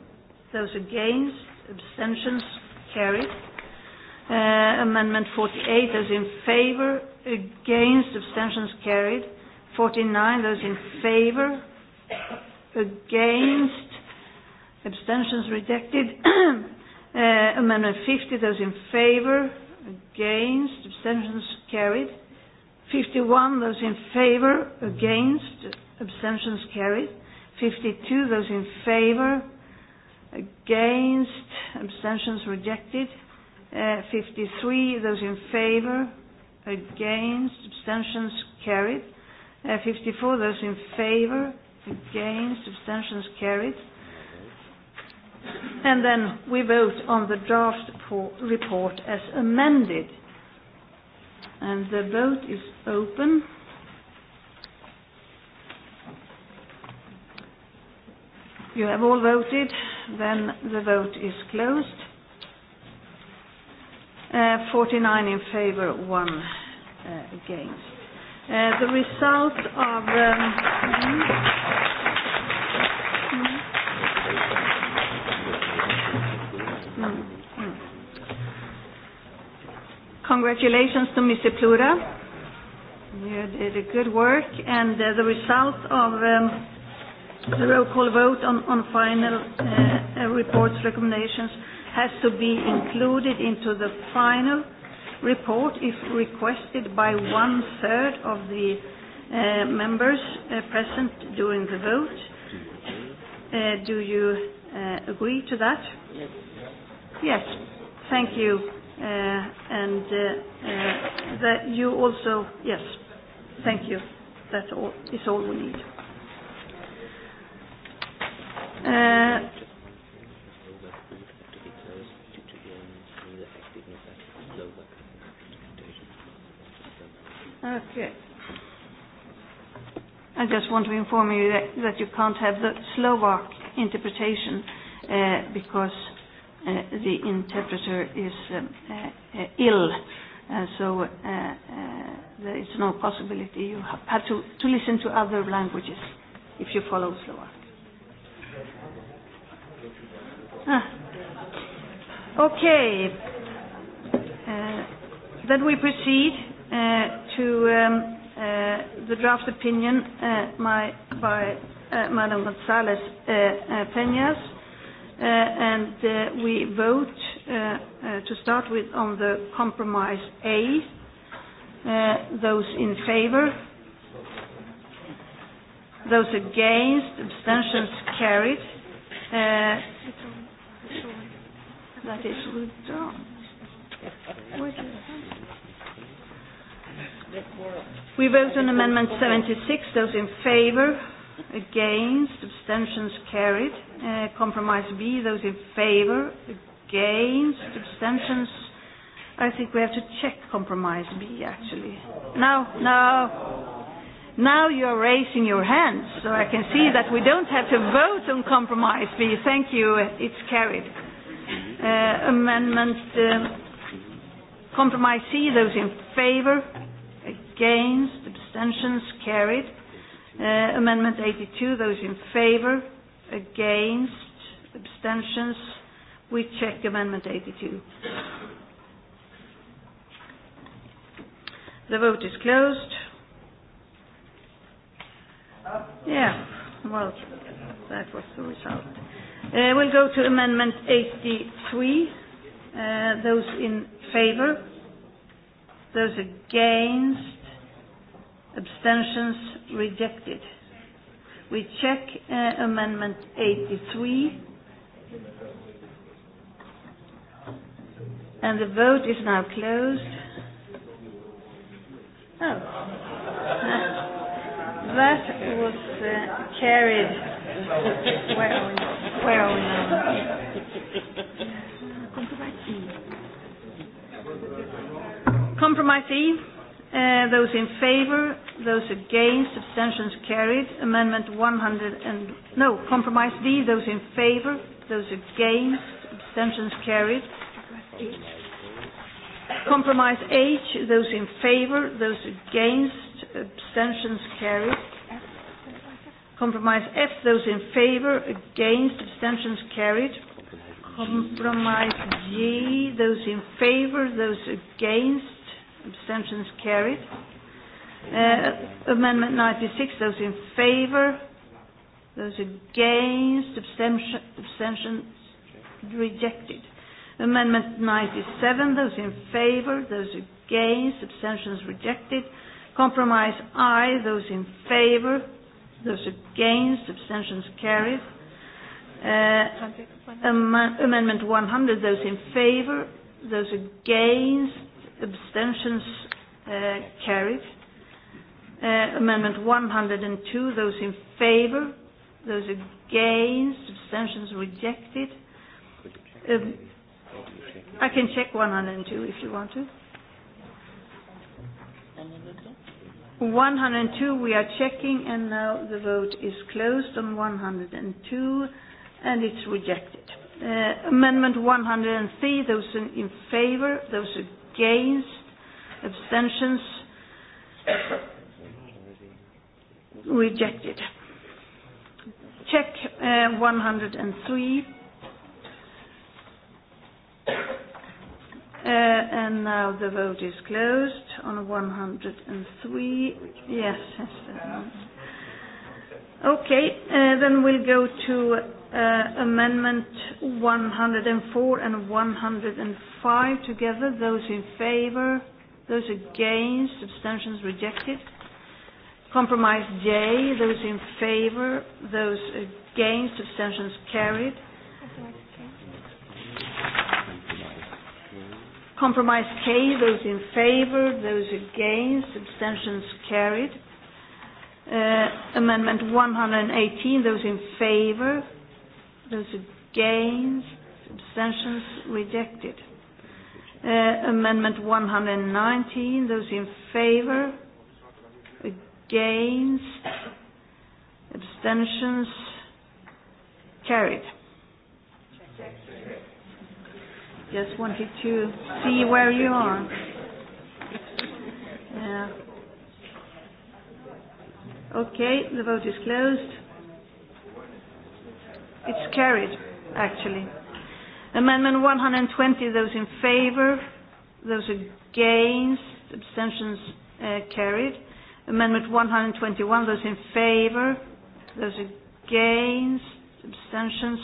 Speaker 1: those against, abstentions carried. Uh, amendment 48, those in favor, against, abstentions carried. 49, those in favor, against, abstentions rejected. Uh, amendment 50, those in favor, against, abstentions carried. 51, those in favor, against, abstentions carried. 52, those in favor, against, abstentions rejected. Uh, 53, those in favor, against, abstentions carried. Uh, 54, those in favor, against, abstentions carried and then we vote on the draft report as amended. And the vote is open. You have all voted, then the vote is closed. Uh, 49 in favor, one uh, against. Uh, the result of um, Congratulations to Mr. Plura. You did a good work, and uh, the result of um, the roll call vote on, on final uh, uh, report's recommendations has to be included into the final report if requested by one-third of the uh, members uh, present during the vote. Uh, do you uh, agree to that? Yes. Yes. Thank you. Uh, and uh, uh, that you also. Yes. Thank you. That all, is all we need. Okay. I just want to inform you that, that you can't have the Slovak interpretation uh, because uh, the interpreter is um, uh, uh, ill, uh, so uh, uh, there is no possibility. You have to, to listen to other languages if you follow Slovak. Ah. Okay. Uh, then we proceed uh, to um, uh, the draft opinion uh, my, by uh, Madam González uh, uh, Peñas Uh, and uh, we vote uh, uh, to start with on the compromise A. Uh, those in favor? Those against? Abstentions carried. Uh, that is withdrawn. We vote on amendment 76. Those in favor? against, abstentions carried. Uh, compromise B, those in favor, against, abstentions. I think we have to check compromise B actually. No, no. Now you are raising your hands, so I can see that we don't have to vote on compromise B. Thank you. It's carried. Uh, amendment um, compromise C, those in favor, against, abstentions carried. Uh, amendment 82, those in favor, against, abstentions. We check amendment 82. The vote is closed. Yeah, well, that was the result. Uh, we'll go to amendment 83. Uh, those in favor, those against, abstentions rejected. We check uh, amendment 83. And the vote is now closed. Oh.
Speaker 6: that was uh, carried. Where are we now? Where are we now? Compromise E.
Speaker 1: Compromise E. Uh, those in favor, those against, abstentions carried. Amendment 100 and no, compromise D, those in favor, those against, abstentions carried. Compromise H, those in favor, those against, abstentions carried. Compromise F, those in favor, against, abstentions carried. Compromise G, those in favor, those against, abstentions carried. Uh, amendment 96, those in favor, those against, abstention, abstentions rejected. Amendment 97, those in favor, those against, abstentions rejected. Compromise I, those in favor, those against, abstentions carried. Uh, am amendment 100, those in favor, those against, abstentions uh, carried. Uh, amendment 102, those in favor, those against, abstentions rejected. Um, I can check 102 if you want to. 102 we are checking and now the vote is closed on 102 and it's rejected. Uh, amendment 103, those in, in favor, those against, abstentions,
Speaker 6: rejected.
Speaker 1: Check uh, 103. Uh, and now the vote is closed on 103. Yes, yes. Okay, uh, then we'll go to uh, amendment 104 and 105 together. Those in favor, those against, abstentions rejected. Compromise J, those in favor, those against, abstentions carried. Compromise K, those in favor, those against, abstentions carried. Uh, amendment 118, those in favor, those against, abstentions rejected. Uh, amendment 119, those in favor, against, abstentions carried. Just wanted to see where you are. Yeah. Okay, the vote is closed. It's carried, actually. Amendment 120, those in favor, those against, abstentions uh, carried. Amendment 121, those in favor, those against, abstentions.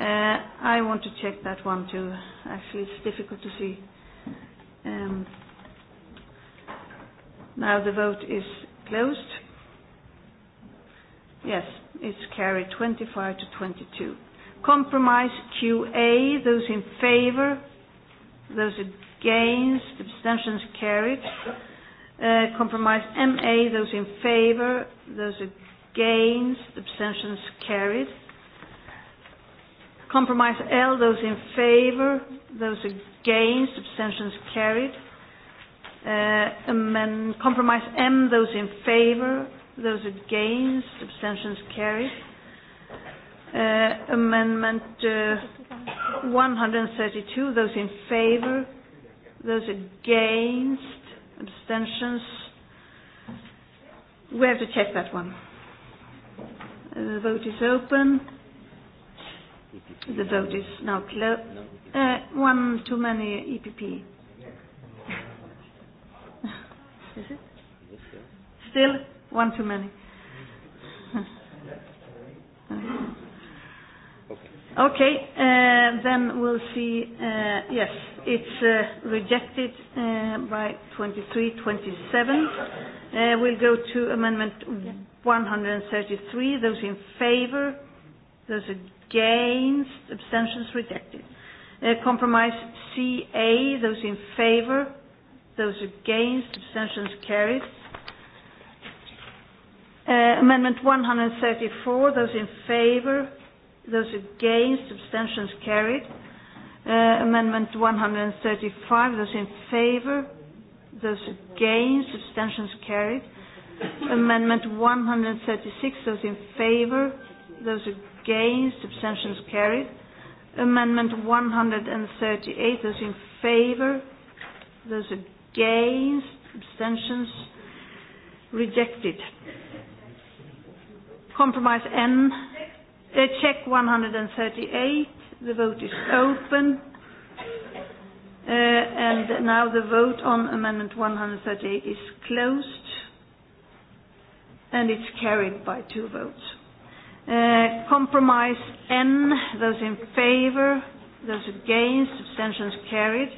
Speaker 1: Uh, I want to check that one too. Actually, it's difficult to see. Um, now the vote is closed Yes, it's carried 25 to 22. Compromise QA, those in favor, those against, abstentions carried. Uh, compromise MA, those in favor, those against, abstentions carried. Compromise L, those in favor, those against, abstentions carried. Uh, um, compromise M, those in favor, Those against, abstentions carried. Uh, amendment uh, 132, those in favor, those against, abstentions. We have to check that one. Uh, the vote is open.
Speaker 6: The vote is now closed.
Speaker 1: Uh, one too many EPP. Is it? Still? One too many. Okay, uh, then we'll see. Uh, yes, it's uh, rejected uh, by 23, 27. Uh, we'll go to amendment 133. Those in favor, those against, abstentions rejected. Uh, compromise CA, those in favor, those against, abstentions carried. Uh, amendment 134, those in favor, those against, abstentions carried. Uh, amendment 135, those in favor, those against, abstentions carried. Amendment 136, those in favor, those against, abstentions carried. Amendment 138, those in favor, those against, abstentions rejected. Compromise N, uh, check 138. The vote is open. Uh, and now the vote on amendment 138 is closed, and it's carried by two votes. Uh, compromise N, those in favor, those against, abstentions carried.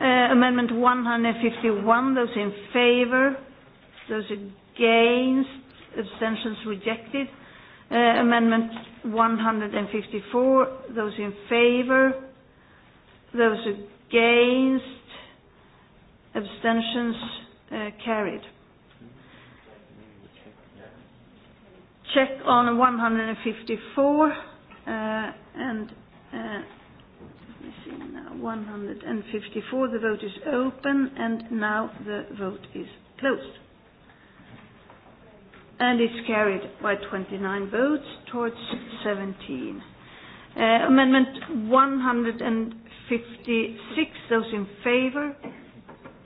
Speaker 1: Uh, amendment 151, those in favor, those against, abstentions rejected. Uh, amendment 154, those in favor, those against, abstentions uh, carried. Check on 154 uh, and uh, now. 154. The vote is open, and now the vote is closed. And It's carried by 29 votes towards 17. Uh, amendment 156. Those in favor?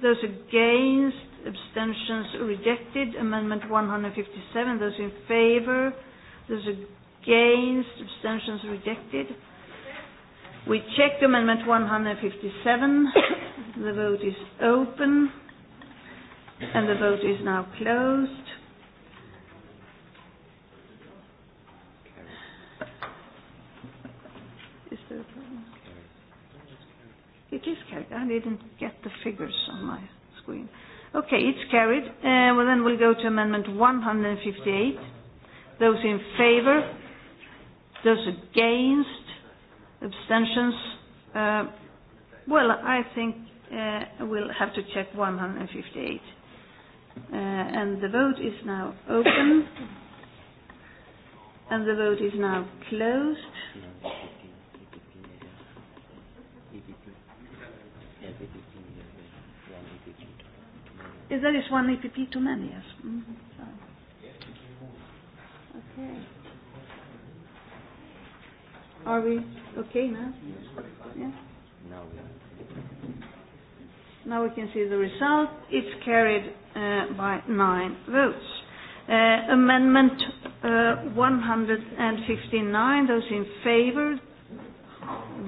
Speaker 1: Those against? Abstentions rejected. Amendment 157. Those in favor? Those against? Abstentions rejected. We checked amendment 157. the vote is open. And the vote is now closed. Is there a problem? It is carried. I didn't get the figures on my screen. Okay, it's carried. Uh, well, then we'll go to amendment 158. Those in favor? Those against? Abstentions? Uh, well, I think uh, we'll have to check 158. Uh, and the vote is now open. and the vote is now closed.
Speaker 6: Is that is one EPP too many? Yes.
Speaker 1: Mm-hmm. Okay. Are we okay now? Yeah. Now we can see the result. It's carried uh, by nine votes. Uh, amendment uh, 159, those in favor.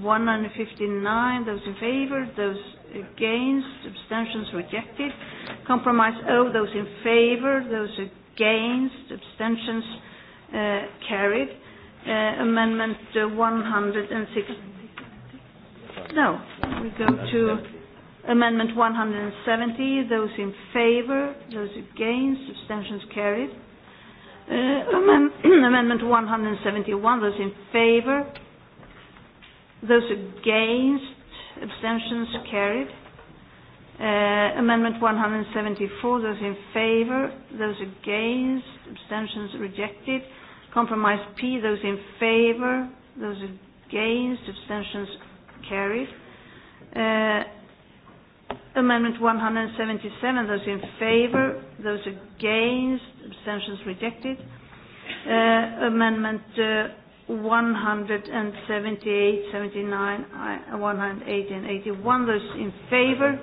Speaker 1: 159, those in favor. Those against. Abstentions rejected. Compromise O, those in favor. Those against. Abstentions uh, carried uh, amendment 160. Uh, no, we go to amendment 170. Those in favor, those against, abstentions carried. Uh, amendment 171, those in favor, those against, abstentions carried. Uh, amendment 174, those in favor, those against, abstentions rejected. Compromise P, those in favor, those against, abstentions carried. Uh, amendment 177, those in favor, those against, abstentions rejected. Uh, amendment uh, 178, 79, 180 and 81, those in favor.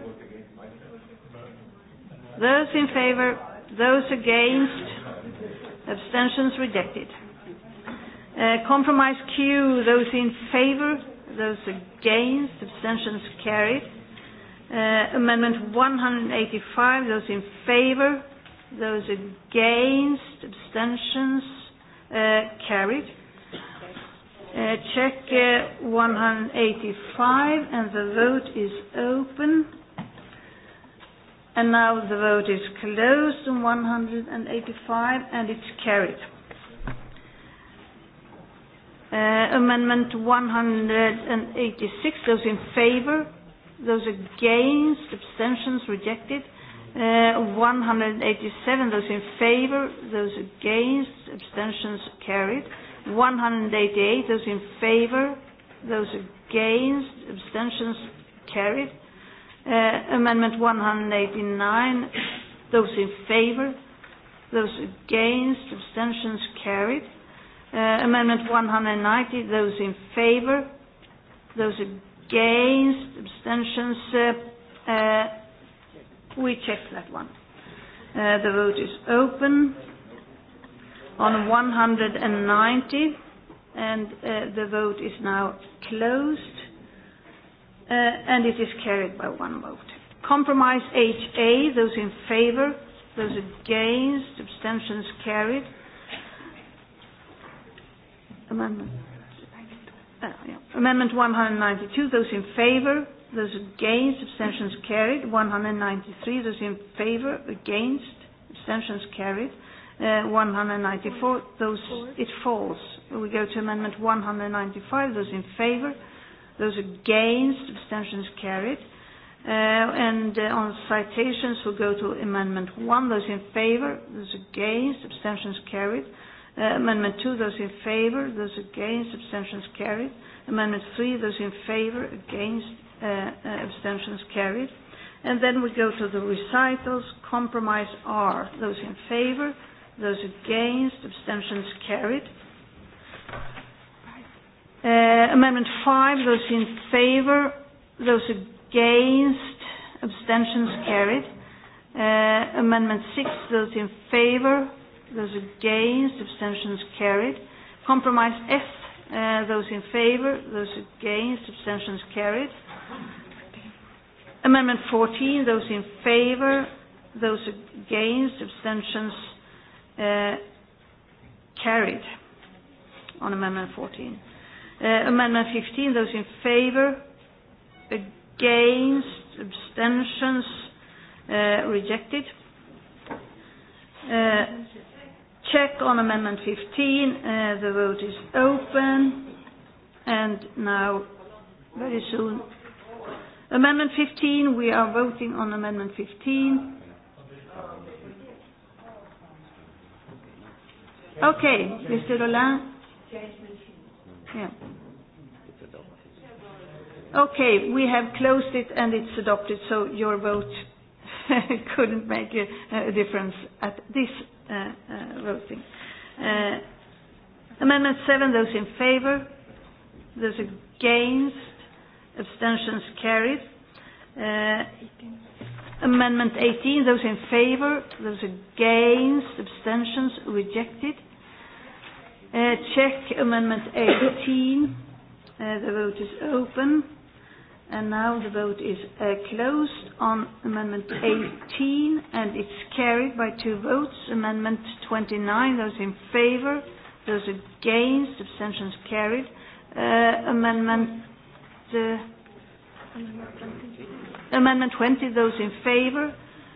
Speaker 1: Those in favor, those against, abstentions rejected. Uh, compromise Q, those in favor, those against, abstentions carried. Uh, amendment 185, those in favor, those against, abstentions uh, carried. Uh, check uh, 185 and the vote is open. And now the vote is closed on 185 and it's carried. Uh, amendment 186, those in favor, those against, abstentions rejected. Uh, 187, those in favor, those against, abstentions carried. 188, those in favor, those against, abstentions carried. Uh, amendment 189, those in favor, those against, abstentions carried. Uh, amendment 190, those in favor, those against, abstentions, uh, uh, we check that one. Uh, the vote is open on 190, and uh, the vote is now closed, uh, and it is carried by one vote. Compromise HA, those in favor, those against, abstentions carried. Amendment. Uh, yeah. Amendment 192, those in favor, those against, abstentions carried. 193, those in favor, against, abstentions carried. Uh, 194, those, it falls. We go to Amendment 195, those in favor, those against, abstentions carried. Uh, and uh, on citations, we'll go to Amendment 1, those in favor, those against, abstentions carried amendment 2, those in favor, those against, abstentions carried. Amendment 3, those in favor, against, uh, uh, abstentions carried. And then we go to the recitals, compromise R. Those in favor, those against, abstentions carried. Uh, amendment 5, those in favor, those against, abstentions carried. Uh, amendment 6, those in favor, Those against, abstentions carried. Compromise F, uh, those in favor, those against, abstentions carried. Amendment 14, those in favor, those against, abstentions uh, carried on Amendment 14. Uh, amendment 15, those in favor, against, abstentions uh, rejected. Uh, check on amendment 15. Uh, the vote is open. And now, very soon, amendment 15. We are voting on amendment 15.
Speaker 6: Okay, Mr. Roland. Yeah.
Speaker 1: Okay, we have closed it and it's adopted, so your vote couldn't make a, a difference at this uh, uh, voting. Uh, amendment 7, those in favor, those against, abstentions carried. Uh, amendment 18, those in favor, those against, abstentions rejected. Uh, check amendment 18. Uh, the vote is open. And Now the vote is uh, closed on amendment 18, and it's carried by two votes. Amendment 29, those in favor, those against, abstentions carried. Uh, amendment uh, Amendment 20, those in favor,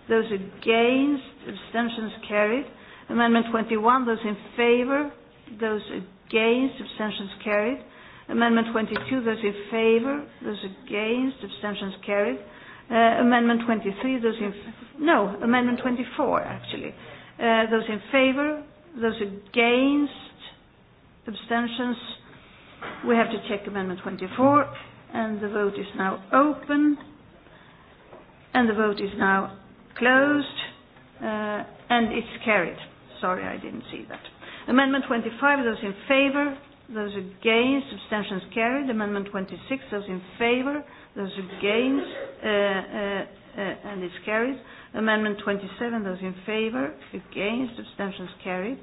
Speaker 1: those against, abstentions carried. Amendment 21, those in favor, those against, abstentions carried. Amendment 22, those in favor, those against, abstentions carried. Uh, amendment 23, those in, no, Amendment 24 actually. Uh, those in favor, those against, abstentions, we have to check Amendment 24 and the vote is now open and the vote is now closed uh, and it's carried. Sorry, I didn't see that. Amendment 25, those in favor, Those against, abstentions carried. Amendment 26, those in favor, those against, uh, uh, uh, and it's carried. Amendment 27, those in favor, against, abstentions carried.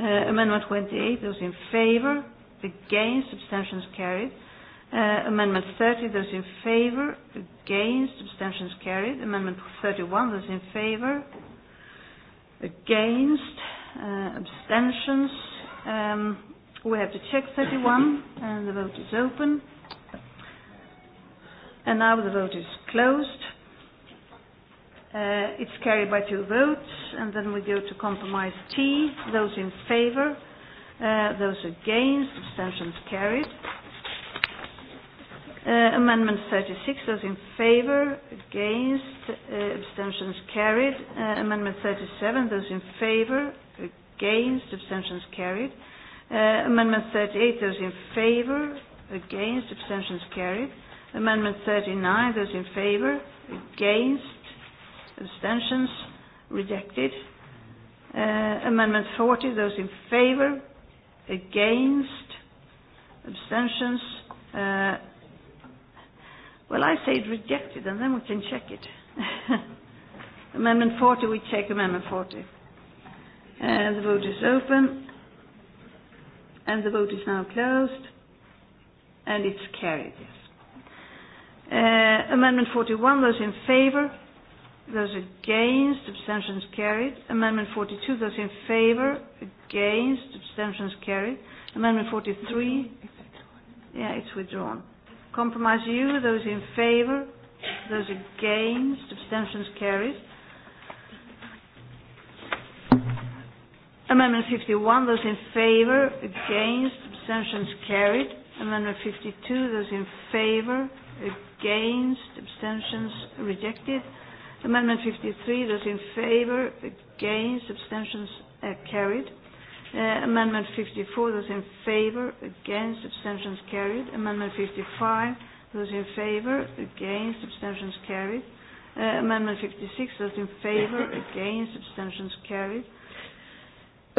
Speaker 1: Uh, amendment 28, those in favor, against, abstentions carried. Uh, amendment 30, those in favor, against, abstentions carried. Amendment 31, those in favor, against, uh, abstentions. Um, We have to check 31, and the vote is open. And now the vote is closed. Uh, it's carried by two votes, and then we go to compromise T. Those in favor, uh, those against, abstentions carried. Uh, amendment 36, those in favor, against, abstentions carried. amendment 37, those in favor, against, abstentions carried. Uh, amendment 38, those in favor, against, abstentions carried. Amendment 39, those in favor, against, abstentions rejected. Uh, amendment 40, those in favor, against, abstentions. Uh, well, I say rejected, and then we can check it. amendment 40, we check Amendment 40. Uh,
Speaker 7: the vote is open
Speaker 1: and the vote is now closed, and it's carried, yes. Uh, amendment 41, those in favor, those against, abstentions carried. Amendment 42, those in favor, against, abstentions carried. Amendment 43, yeah, it's withdrawn. Compromise you, those in favor, those against, abstentions carried. Amendment 51, those in favor, against, abstentions carried. Amendment 52, those in favor, against, abstentions rejected. Amendment 53, those in favor, against, abstentions uh, carried. Uh, amendment 54, those in favor, against, abstentions carried. Amendment 55, those in favor, against, abstentions carried. Uh, amendment 56, those in favor, against, abstentions carried.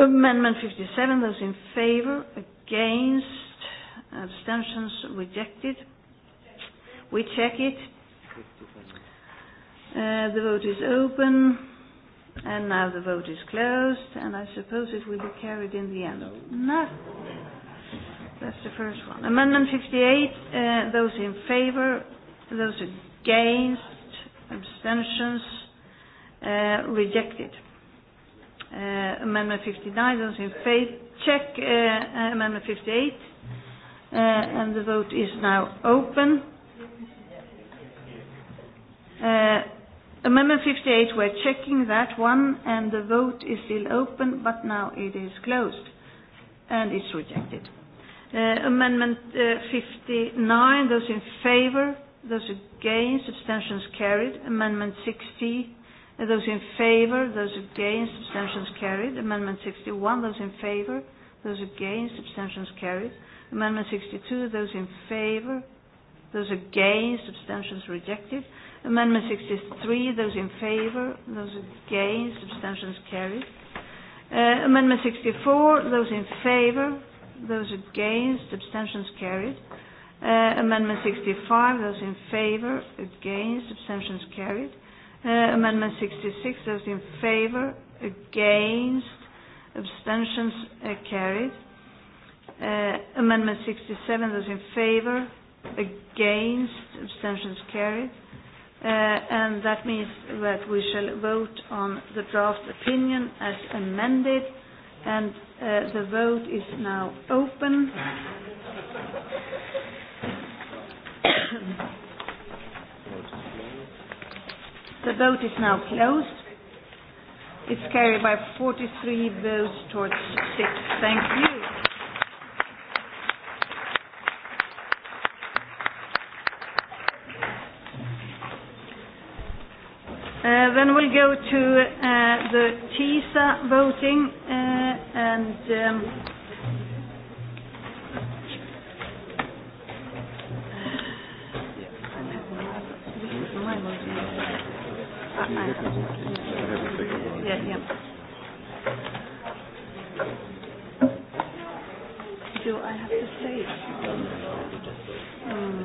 Speaker 1: Amendment 57, those in favor, against, abstentions rejected. We check it. Uh, the vote is open, and now the vote is closed, and I suppose it will be carried in the end. No. That's the first one. Amendment 58, uh, those in favor, those against, abstentions, uh, rejected. Uh, amendment 59, those in favor. Check uh, uh, Amendment 58. Uh, and the vote is now open. Uh, amendment 58, we're checking that one, and the vote is still open, but now it is closed, and it's rejected. Uh, amendment uh, 59, those in favor, those against, abstentions carried. Amendment 60, Those in favor, those against, abstentions carried. Amendment 61, those in favor, those against, abstentions carried. Amendment 62, those in favor, those against, abstentions rejected. Amendment 63, those in favor, those against, abstentions carried. Uh, amendment 64, those in favor, those against, abstentions carried. Uh, amendment 65, those in favor, against, abstentions carried. Uh, amendment 66 those in favor, against, abstentions uh, carried. Uh, amendment 67 those in favor, against, abstentions carried. Uh, and that means that we shall vote on the draft opinion as amended and uh, the vote is now open. The vote is now closed. It's carried by 43 votes towards 6. Thank you. Uh, then we'll go to uh, the TISA voting, uh, and um, Do I have to say it? Mm.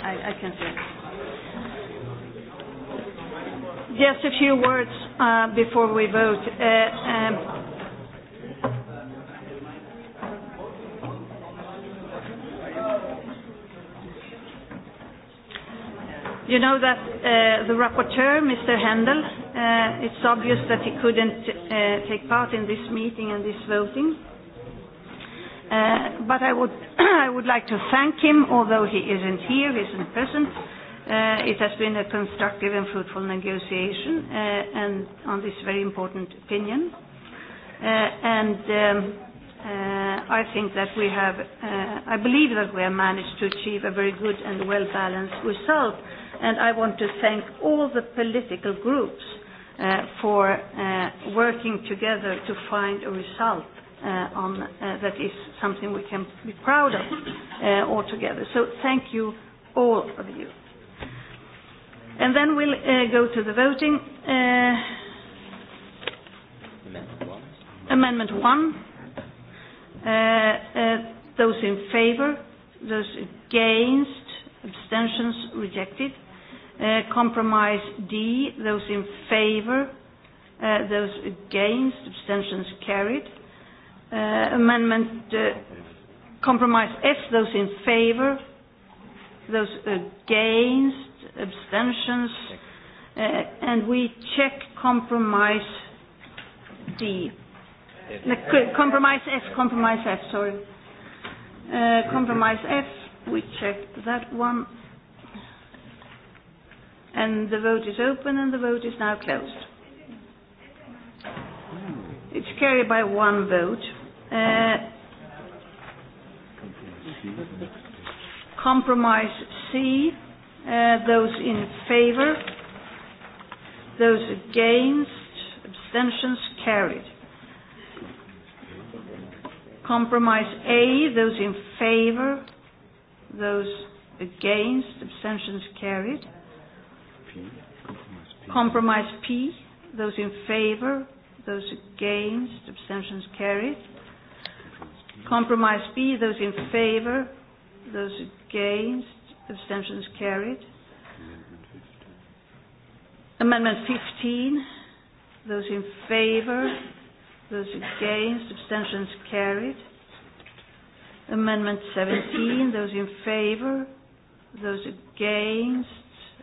Speaker 1: I, can say Just a few words uh, before we vote. Uh, um, You know that uh, the rapporteur, Mr. Handel, uh, it's obvious that he couldn't uh, take part in this meeting and this voting. Uh, but I would, I would like to thank him, although he isn't here, he isn't present. Uh, it has been a constructive and fruitful negotiation uh, and on this very important opinion. Uh, and um, Uh, I think that we have, uh, I believe that we have managed to achieve a very good and well-balanced result and I want to thank all the political groups uh, for uh, working together to find a result uh, on uh, that is something we can be proud of uh, altogether. So thank you, all of you. And then we'll uh, go to the voting. Uh, Amendment one. Amendment one. Uh, uh, those in favor, those against, abstentions rejected. Uh, compromise D, those in favor, uh, those against, abstentions carried. Uh, amendment uh, compromise F, those in favor, those against, abstentions, uh, and we check compromise D. No, compromise F, compromise F, sorry. Uh, compromise F, we check that one. And the vote is open and the vote is now closed. It's carried by one vote. Uh, compromise C, uh, those in favor, those against, abstentions carried. Compromise A, those in favor, those against, abstentions carried. P. Compromise P. Those in favor, those against, abstentions carried. Compromise P, those in favor, those against, abstentions carried. Amendment 15, those in favor, those against, abstentions carried. Amendment 17, those in favor, those against,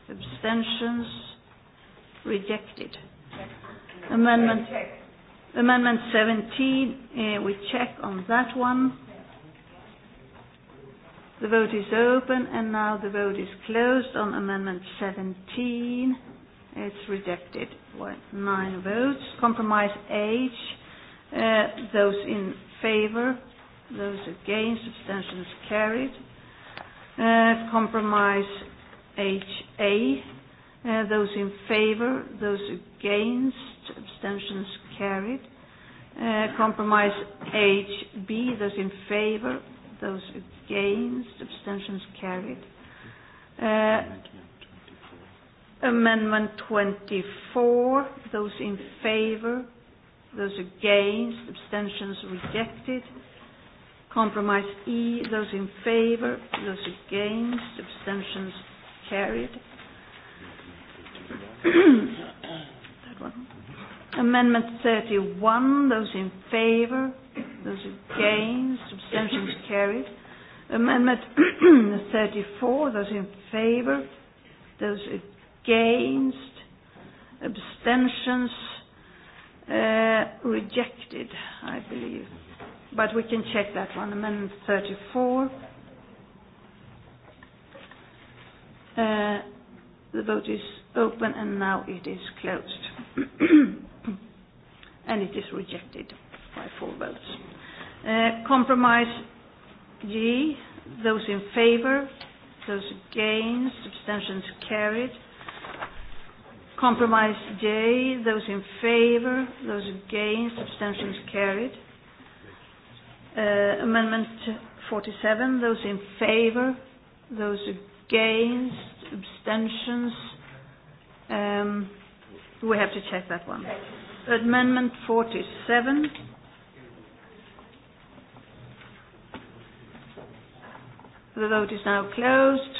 Speaker 1: Abstentions? Rejected. Amendment, amendment 17, uh, we check on that one. The vote is open, and now the vote is closed on amendment 17. It's rejected. Nine votes. Compromise H, uh, those in favor, those against, abstentions carried. Uh, compromise HA. A, uh, those in favor, those against, abstentions carried. Uh, compromise HB, those in favor, those against, abstentions carried. Uh, amendment 24, those in favor, those against, abstentions rejected. Compromise E, those in favor, those against, abstentions carried. That one. Amendment 31, those in favor, those against, abstentions carried. Amendment 34, those in favor, those against, abstentions uh, rejected, I believe. But we can check that one. Amendment 34. Uh, the vote is open and now it is closed. and it is rejected by four votes. Uh, compromise G, those in favor, those against, abstentions carried. Compromise J, those in favor, those against, abstentions carried. Uh, amendment 47, those in favor, those against, Against? Abstentions? Um, we have to check that one. Amendment 47. The vote is now closed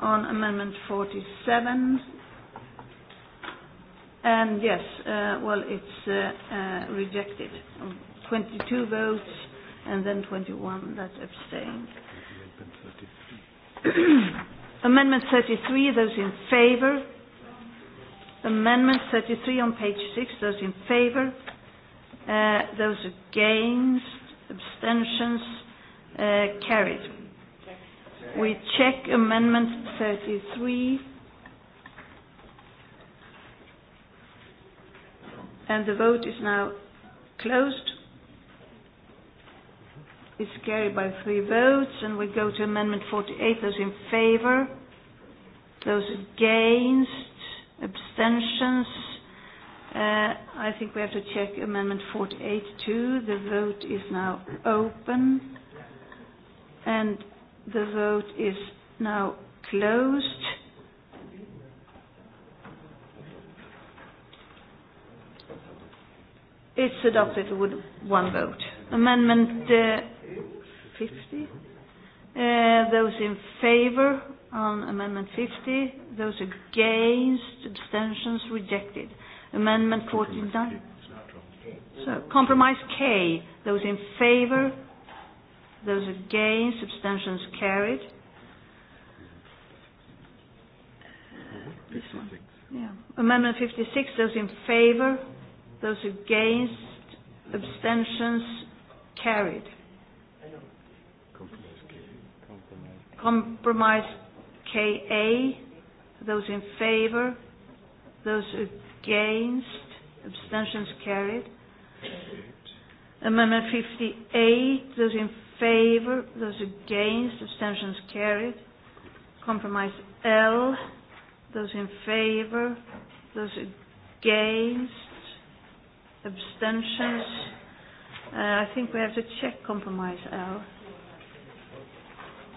Speaker 1: on Amendment 47. And yes, uh, well, it's uh, uh, rejected. 22 votes and then 21 that abstained. Amendment 33, those in favour. Amendment 33 on page 6, those in favour. Uh, those against, abstentions, uh, carried. We check Amendment 33. And the vote is now closed is carried by three votes, and we go to Amendment 48. Those in favor? Those against? Abstentions? Uh, I think we have to check Amendment 48 too. The vote is now open, and the vote is now closed. It's adopted with one vote. Amendment uh, 50. Uh, those in favor on amendment 50, those against, abstentions rejected. Amendment 49. So compromise K, those in favor, those against, abstentions carried. This one. Yeah. Amendment 56, those in favor, those against, abstentions carried. Compromise KA, those in favor, those against, abstentions carried. Amendment 58, those in favor, those against, abstentions carried. Compromise L, those in favor, those against, abstentions. Uh, I think we have to check compromise L.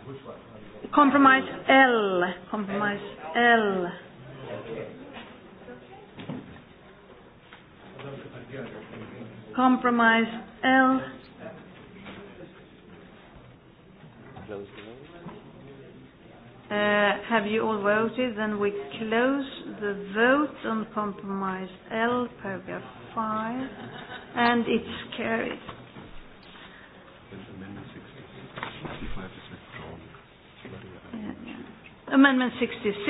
Speaker 6: Which one? Compromise L. Compromise L. Compromise L.
Speaker 1: Uh, have you all voted? Then we close the vote on compromise L, paragraph 5, and it's carried. Amendment 66,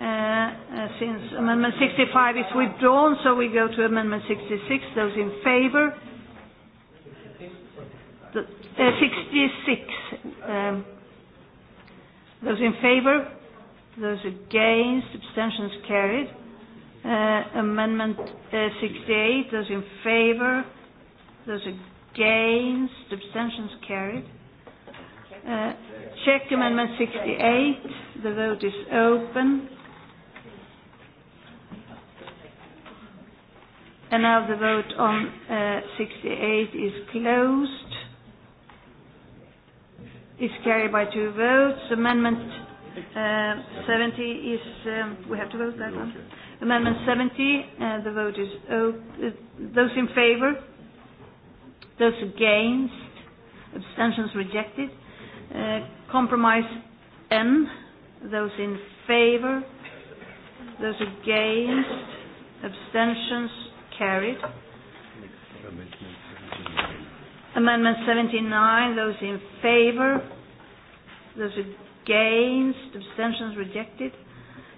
Speaker 1: uh, uh, since Amendment 65 is withdrawn, so we go to Amendment 66. Those in favor? 66. Uh, um, those in favor? Those against? Abstentions carried. Uh, amendment uh, 68. Those in favor? Those against? Abstentions carried. Uh, check amendment 68. The vote is open. And now the vote on uh, 68 is closed. It's carried by two votes. Amendment uh, 70 is, um, we have to vote that one. Amendment 70, uh, the vote is, op uh, those in favor, those against, abstentions rejected. Uh, compromise N, those in favor, those against, abstentions carried. Amendment 79, those in favor, those against, abstentions rejected.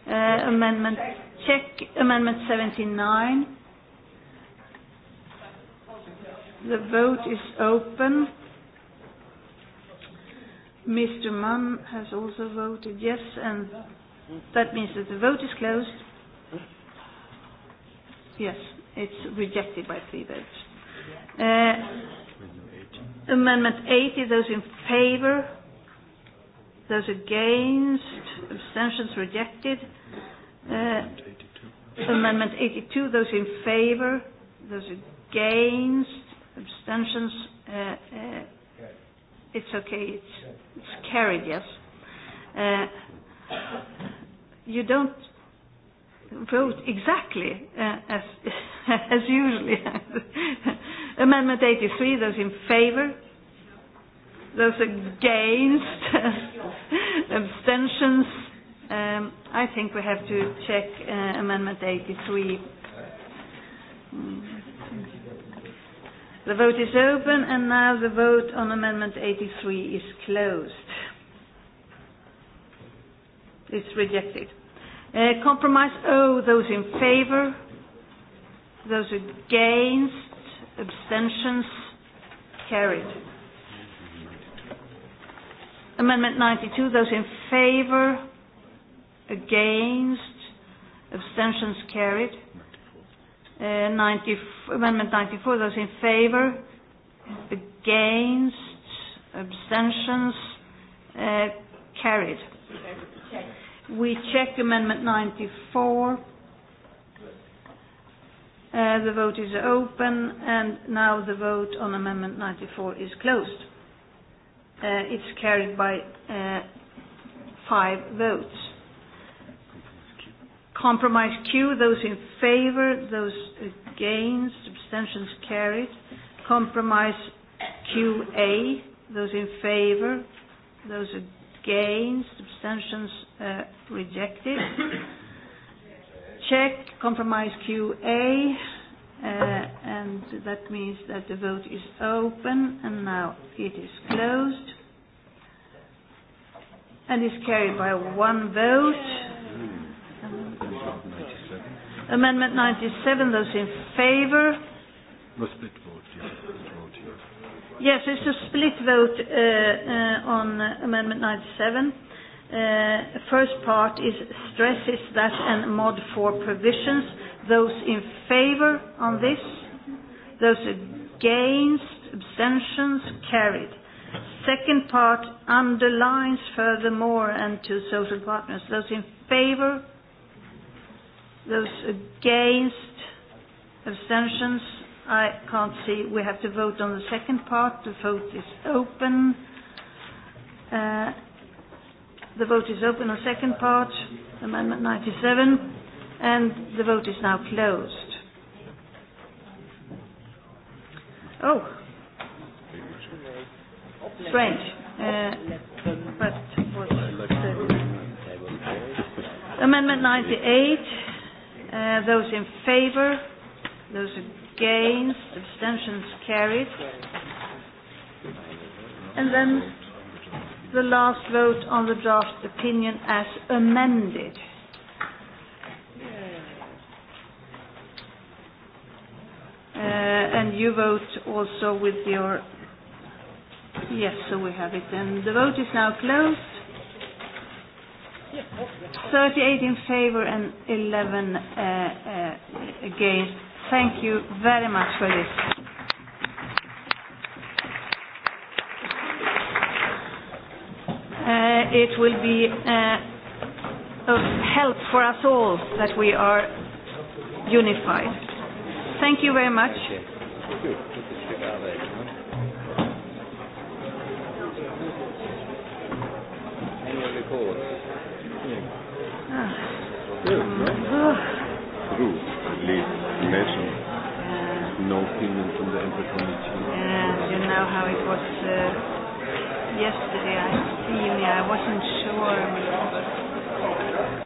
Speaker 1: Uh, amendment check, amendment 79. The vote is open. Mr. Mann has also voted yes, and that means that the vote is closed. Yes, it's rejected by three votes. Uh, amendment 80, those in favor, those against, abstentions rejected. Uh, amendment 82, those in favor, those against, abstentions, uh, uh, it's okay, it's It's carried, yes. Uh, you don't vote exactly uh, as, as usually. Amendment 83, those in favor? Those against? Abstentions? Um, I think we have to check uh, Amendment 83. Mm. The vote is open, and now the vote on amendment 83 is closed. It's rejected. Uh, compromise O, oh, those in favor, those against, abstentions, carried. Amendment 92, those in favor, against, abstentions carried. 90, amendment 94, those in favor, against, abstentions, uh, carried. Check. We check amendment 94. Uh, the vote is open, and now the vote on amendment 94 is closed. Uh, it's carried by uh, five votes. Compromise Q, those in favor, those against, abstentions carried. Compromise QA, those in favor, those against, abstentions uh, rejected. Check, compromise QA, uh, and that means that the vote is open and now it is closed. And is carried by one vote.
Speaker 6: Amendment 97,
Speaker 1: those in favor?
Speaker 6: The split vote, yes.
Speaker 1: yes. it's a split vote uh, uh, on uh, Amendment 97. Uh, first part is stresses that and mod for provisions. Those in favor on this? Those against? Abstentions? Carried. Second part underlines furthermore and to social partners. Those in favor? Those against, abstentions, I can't see. We have to vote on the second part. The vote is open. Uh, the vote is open on second part, Amendment 97, and the vote is now closed. Oh, strange. Uh, but what's the Amendment 98. Uh, those in favor, those against, abstentions carried. And then the last vote on the draft opinion as amended. Uh, and you vote also with your... Yes, so we have it. And the vote is now closed. 38 in favor and 11 uh, uh, against. Thank you very much for this. Uh, it will be uh, of help for us all that we are unified. Thank you very much. Thank you. imagine.
Speaker 6: No opinion from the Emperor Committee.
Speaker 1: Yeah, you know how it was uh, yesterday. I seen, yeah, I wasn't sure.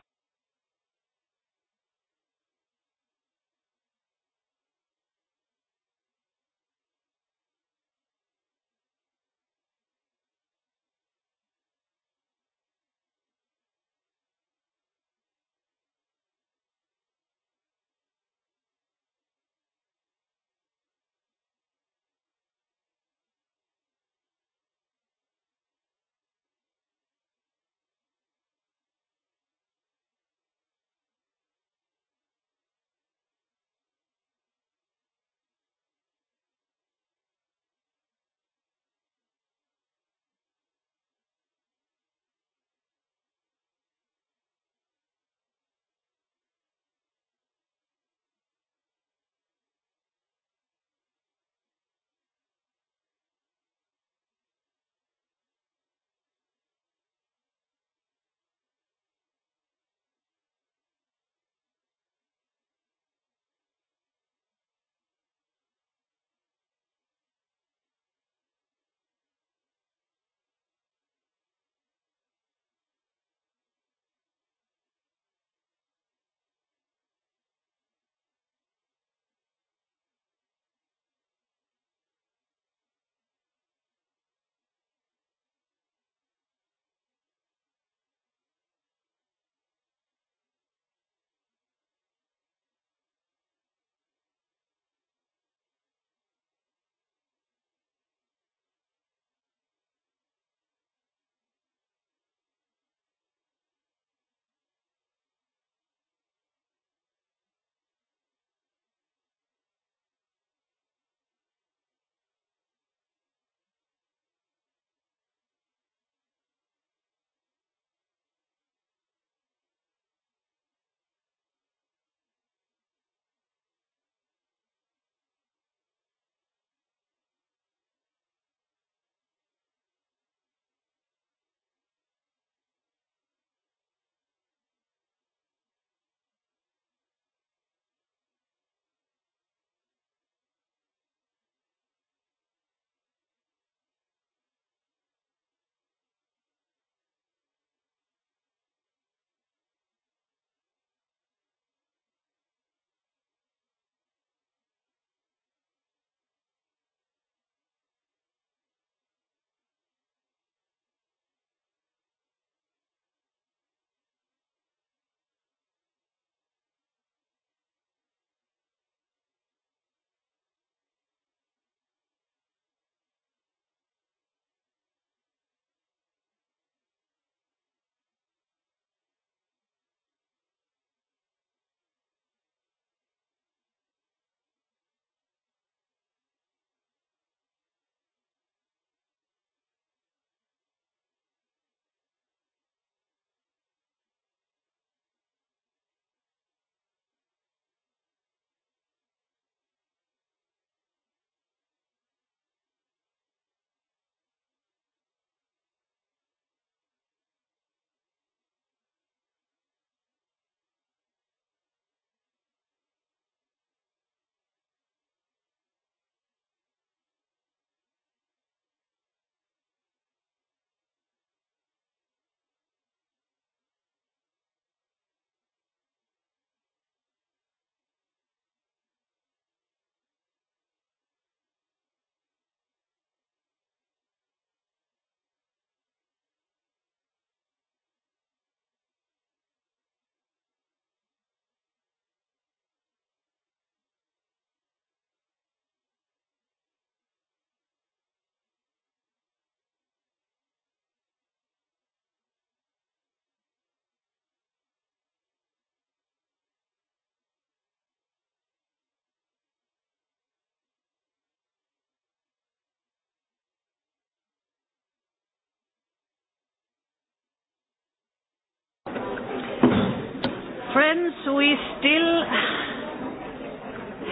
Speaker 1: Friends, we still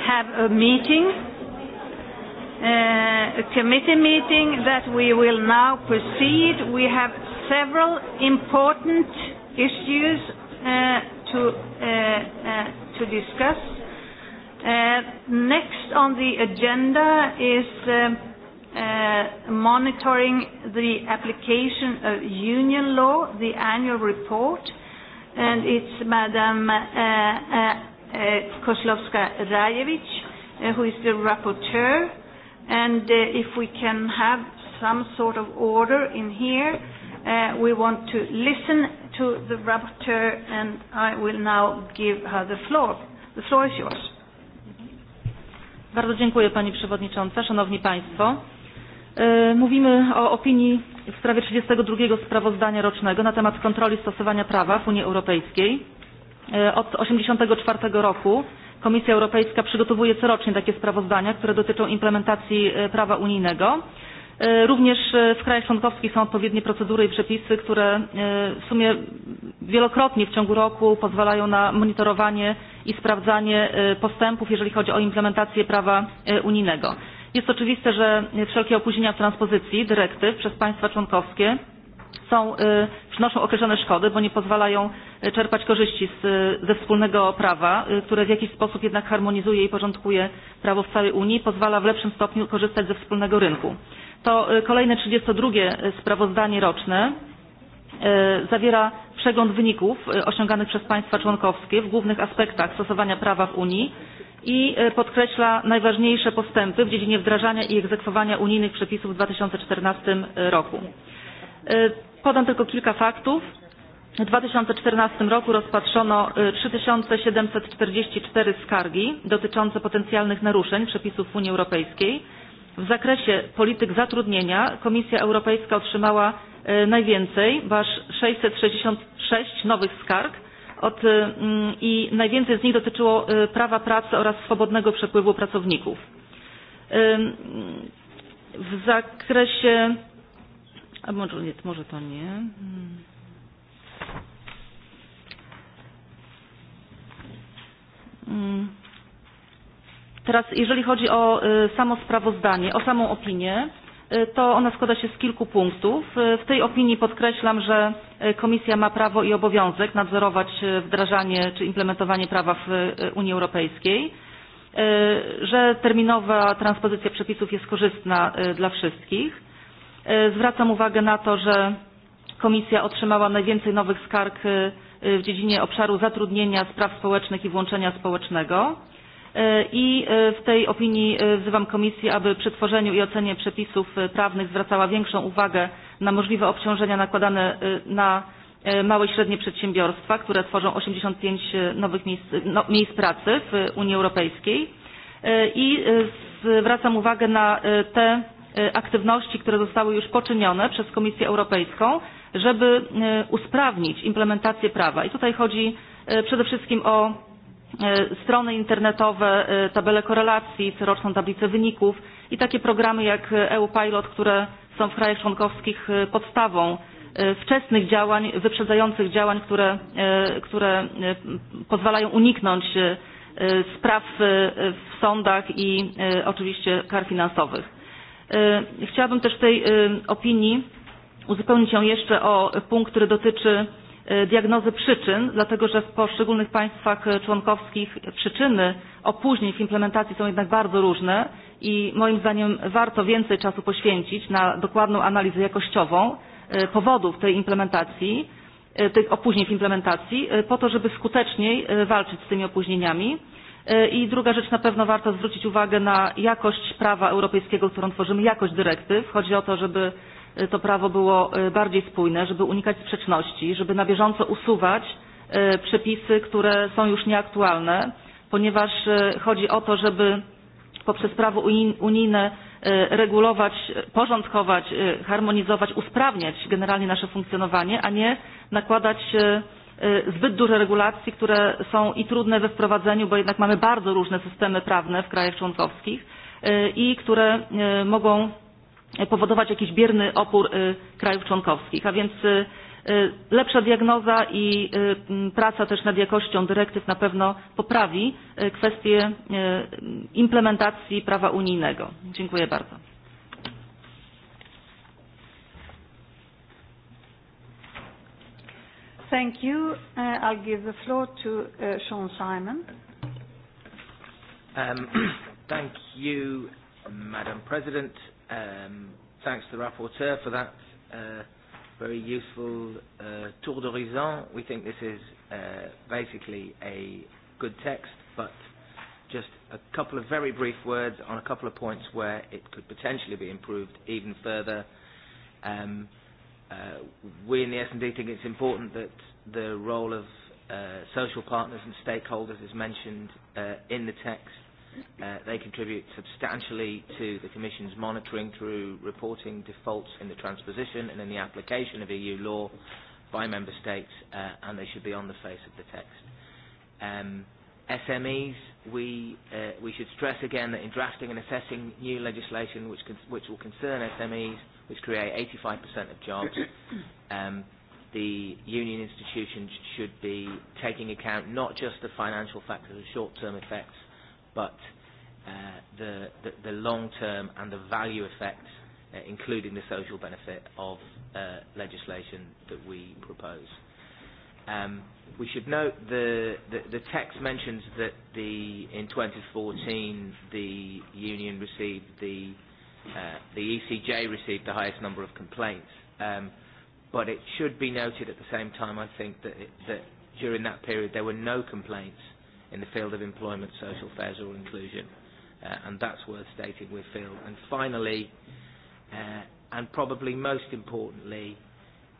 Speaker 1: have a meeting, uh, a committee meeting that we will now proceed. We have several important issues uh, to, uh, uh, to discuss. Uh, next on the agenda is uh, uh, monitoring the application of union law, the annual report and it's Madam uh, uh, uh Kozlowska-Rajevic, uh, who is the rapporteur. And uh, if we can have some sort of order in here, uh, we want to listen to the rapporteur, and I will now give her the floor. The floor is yours.
Speaker 8: Bardzo dziękuję Pani Przewodnicząca, Szanowni Państwo. E, mówimy o opinii w sprawie 32 sprawozdania rocznego na temat kontroli stosowania prawa w Unii Europejskiej. E, od 1984 roku Komisja Europejska przygotowuje corocznie takie sprawozdania, które dotyczą implementacji e, prawa unijnego. E, również w krajach członkowskich są odpowiednie procedury i przepisy, które w sumie wielokrotnie w ciągu roku pozwalają na monitorowanie i sprawdzanie postępów, jeżeli chodzi o implementację prawa unijnego. Jest oczywiste, że wszelkie opóźnienia w transpozycji dyrektyw przez państwa członkowskie są, przynoszą określone szkody, bo nie pozwalają czerpać korzyści z, ze wspólnego prawa, które w jakiś sposób jednak harmonizuje i porządkuje prawo w całej Unii, pozwala w lepszym stopniu korzystać ze wspólnego rynku. To kolejne 32 sprawozdanie roczne E, zawiera przegląd wyników e, osiąganych przez państwa członkowskie w głównych aspektach stosowania prawa w Unii i e, podkreśla najważniejsze postępy w dziedzinie wdrażania i egzekwowania unijnych przepisów w 2014 roku. Podam tylko kilka faktów. W 2014 roku rozpatrzono 3744 skargi dotyczące potencjalnych naruszeń przepisów Unii Europejskiej. W zakresie polityk zatrudnienia Komisja Europejska otrzymała E, najwięcej, bo aż 666 nowych skarg od, e, mm, i najwięcej z nich dotyczyło e, prawa pracy oraz swobodnego przepływu pracowników. Mm, w zakresie... A może, nie, może to nie... Hmm. Hmm. Teraz jeżeli chodzi o samo sprawozdanie, o samą opinię, to ona składa się z kilku punktów. E, w tej opinii podkreślam, że e, Komisja ma prawo i obowiązek nadzorować e, wdrażanie czy implementowanie prawa w Unii Europejskiej, że terminowa transpozycja przepisów jest korzystna dla wszystkich. Zwracam uwagę na to, że Komisja otrzymała najwięcej nowych skarg w dziedzinie obszaru zatrudnienia, spraw społecznych i włączenia społecznego i e, w tej opinii e, wzywam Komisję, aby przy tworzeniu i ocenie przepisów e, prawnych zwracała większą uwagę na możliwe obciążenia nakładane na małe i średnie przedsiębiorstwa, które tworzą 85 nowych miejsc, no, miejsc pracy w Unii Europejskiej i zwracam uwagę na te aktywności, które zostały już poczynione przez Komisję Europejską, żeby usprawnić implementację prawa. I tutaj chodzi przede wszystkim o E, strony internetowe, e, tabele korelacji, coroczną tablicę wyników i takie programy jak EU Pilot, które są w krajach członkowskich e, podstawą wczesnych działań, wyprzedzających działań, które, które pozwalają uniknąć spraw w sądach i oczywiście kar finansowych. Chciałabym też w tej opinii uzupełnić ją jeszcze o punkt, który dotyczy E, diagnozy przyczyn, dlatego że w poszczególnych państwach e, członkowskich przyczyny opóźnień w implementacji są jednak bardzo różne i moim zdaniem warto więcej czasu poświęcić na dokładną analizę jakościową e, powodów tej implementacji, tych opóźnień w implementacji, po to, żeby skuteczniej walczyć z tymi opóźnieniami. I druga rzecz, na pewno warto zwrócić uwagę na jakość prawa europejskiego, którą tworzymy, jakość dyrektyw. Chodzi o to, żeby E, to prawo było e, bardziej spójne, żeby unikać sprzeczności, żeby na bieżąco usuwać e, przepisy, które są już nieaktualne, ponieważ chodzi o to, żeby poprzez prawo unijne regulować, porządkować, harmonizować, usprawniać generalnie nasze funkcjonowanie, a nie nakładać zbyt duże regulacje, które są i trudne we wprowadzeniu, bo jednak mamy bardzo różne systemy prawne w krajach członkowskich i które mogą E, powodować jakiś bierny opór e, krajów członkowskich. A więc e, lepsza diagnoza i praca też nad jakością dyrektyw na pewno poprawi kwestię implementacji prawa unijnego. Dziękuję bardzo.
Speaker 1: Thank you. Uh, I'll give the floor to uh, Sean Simon.
Speaker 9: Um, thank you, Madam President. Um, thanks to the rapporteur for that uh, very useful uh, tour d'horizon. We think this is uh, basically a good text, but just a couple of very brief words on a couple of points where it could potentially be improved even further. Um, uh, we in the S&D think it's important that the role of uh, social partners and stakeholders is mentioned uh, in the text Uh, they contribute substantially to the Commission's monitoring through reporting defaults in the transposition and in the application of EU law by Member States, uh, and they should be on the face of the text. Um, SMEs, we, uh, we should stress again that in drafting and assessing new legislation which, con which will concern SMEs, which create 85% of jobs, um, the union institutions should be taking account not just the financial factors of short-term effects but uh, the, the, the long term and the value effect, uh, including the social benefit of uh, legislation that we propose. Um, we should note the, the, the text mentions that the, in 2014 the union received the, uh, the ECJ received the highest number of complaints. Um, but it should be noted at the same time, I think, that, it, that during that period there were no complaints in the field of employment, social affairs or inclusion. Uh, and that's worth stating we feel. And finally, uh, and probably most importantly,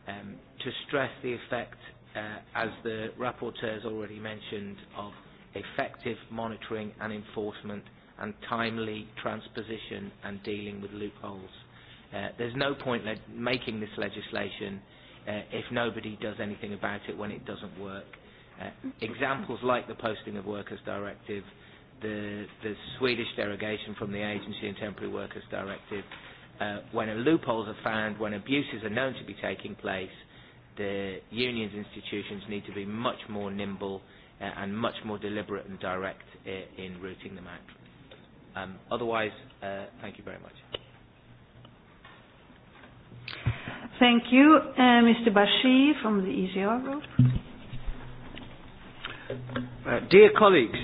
Speaker 9: um, to stress the effect, uh, as the rapporteur has already mentioned, of effective monitoring and enforcement and timely transposition and dealing with loopholes. Uh, there's no point le- making this legislation uh, if nobody does anything about it when it doesn't work. Uh, examples like the Posting of Workers Directive, the, the Swedish derogation from the Agency and Temporary Workers Directive, uh, when loopholes are found, when abuses are known to be taking place, the unions institutions need to be much more nimble uh, and much more deliberate and direct i uh, in rooting them out. Um, otherwise, uh, thank you very much.
Speaker 1: Thank you, uh, Mr. Bashir from the ECR group.
Speaker 10: Uh, dear colleagues,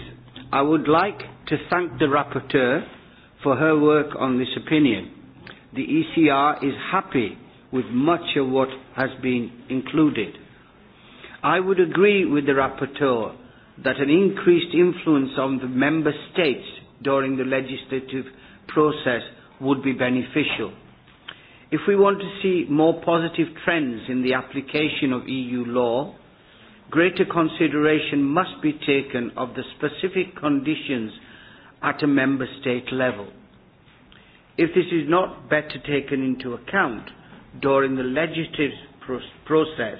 Speaker 10: I would like to thank the rapporteur for her work on this opinion. The ECR is happy with much of what has been included. I would agree with the rapporteur that an increased influence on the member states during the legislative process would be beneficial. If we want to see more positive trends in the application of EU law, greater consideration must be taken of the specific conditions at a member state level. If this is not better taken into account during the legislative process,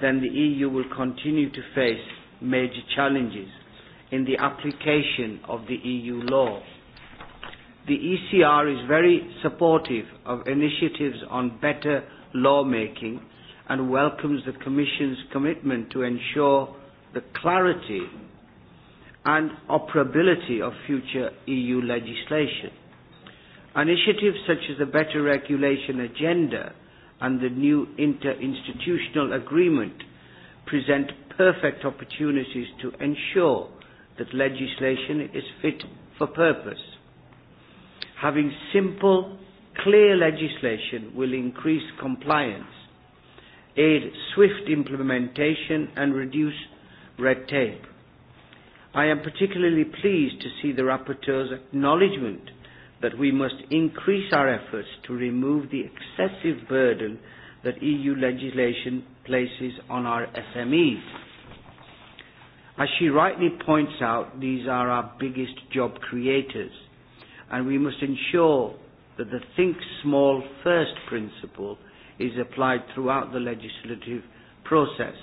Speaker 10: then the EU will continue to face major challenges in the application of the EU law. The ECR is very supportive of initiatives on better lawmaking and welcomes the Commission's commitment to ensure the clarity and operability of future EU legislation. Initiatives such as the Better Regulation Agenda and the new interinstitutional agreement present perfect opportunities to ensure that legislation is fit for purpose. Having simple, clear legislation will increase compliance aid swift implementation and reduce red tape. I am particularly pleased to see the rapporteur's acknowledgement that we must increase our efforts to remove the excessive burden that EU legislation places on our SMEs. As she rightly points out, these are our biggest job creators, and we must ensure that the Think Small First principle is applied throughout the legislative process,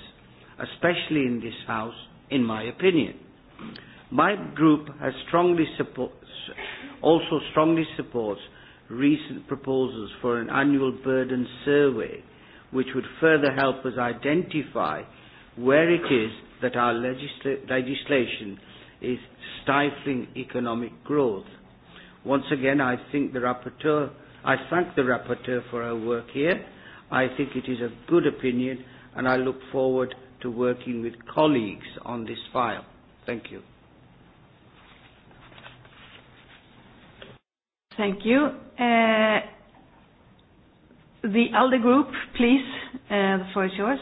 Speaker 10: especially in this House, in my opinion. My group has strongly support, also strongly supports recent proposals for an annual burden survey, which would further help us identify where it is that our legisla- legislation is stifling economic growth. Once again, I think the rapporteur, I thank the rapporteur for her work here i think it is a good opinion, and I look forward to working with colleagues on this file. Thank you.
Speaker 1: Thank you. Uh, the ALDE group, please, uh, the floor is yours.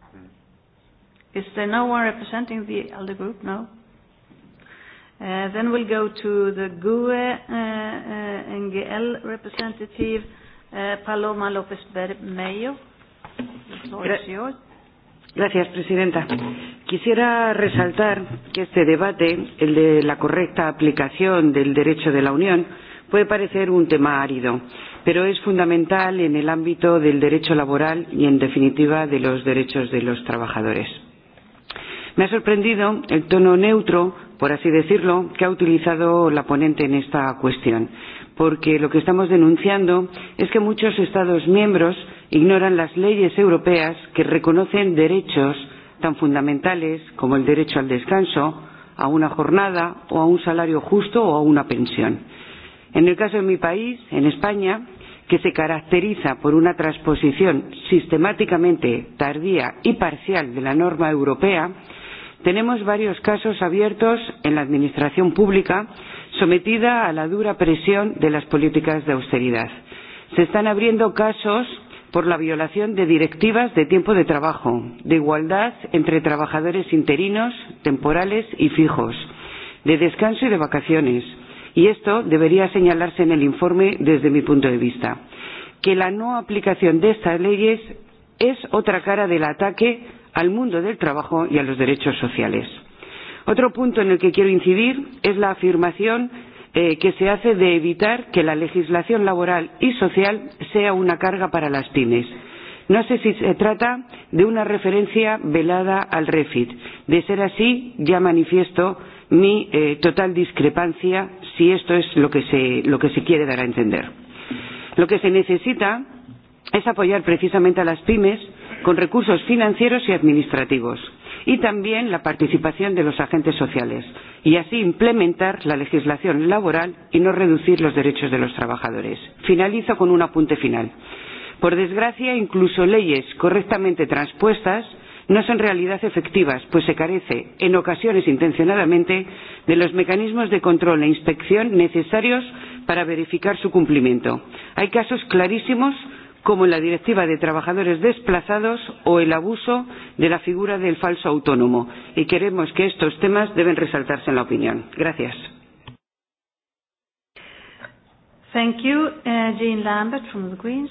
Speaker 1: Hmm. Is there no one representing the ALDE group? No. Uh, then we'll go to the GUE uh, uh, NGL representative, Eh, Paloma López Bermejo.
Speaker 4: Gracias. presidenta. Quisiera resaltar que este debate, el de la correcta aplicación del derecho de la Unión, puede parecer un tema árido, pero es fundamental en el ámbito del derecho laboral y, en definitiva, de los derechos de los trabajadores. Me ha sorprendido el tono neutro, por así decirlo, que ha utilizado la ponente en esta cuestión porque lo que estamos denunciando es que muchos Estados miembros ignoran las leyes europeas que reconocen derechos tan fundamentales como el derecho al descanso, a una jornada o a un salario justo o a una pensión. En el caso de mi país, en España, que se caracteriza por una transposición sistemáticamente tardía y parcial de la norma europea, tenemos varios casos abiertos en la Administración pública sometida a la dura presión de las políticas de austeridad. Se están abriendo casos por la violación de directivas de tiempo de trabajo, de igualdad entre trabajadores interinos, temporales y fijos, de descanso y de vacaciones. Y esto debería señalarse en el informe desde mi punto de vista. Que la no aplicación de estas leyes es otra cara del ataque al mundo del trabajo y a los derechos sociales. Otro punto en el que quiero incidir es la afirmación eh, que se hace de evitar que la legislación laboral y social sea una carga para las pymes. No sé si se trata de una referencia velada al REFIT. De ser así, ya manifiesto mi eh, total discrepancia si esto es lo que, se, lo que se quiere dar a entender. Lo que se necesita es apoyar precisamente a las pymes con recursos financieros y administrativos y también la participación de los agentes sociales y así implementar la legislación laboral y no reducir los derechos de los trabajadores. Finalizo con un apunte final. Por desgracia, incluso leyes correctamente transpuestas no son realidad efectivas, pues se carece, en ocasiones intencionadamente, de los mecanismos de control e inspección necesarios para verificar su cumplimiento. Hay casos clarísimos como en la Directiva de Trabajadores Desplazados o el abuso de la figura del falso autónomo, y queremos que estos temas deben resaltarse en la opinión. Gracias.
Speaker 1: Thank you. Uh, Jean Lambert from the Greens.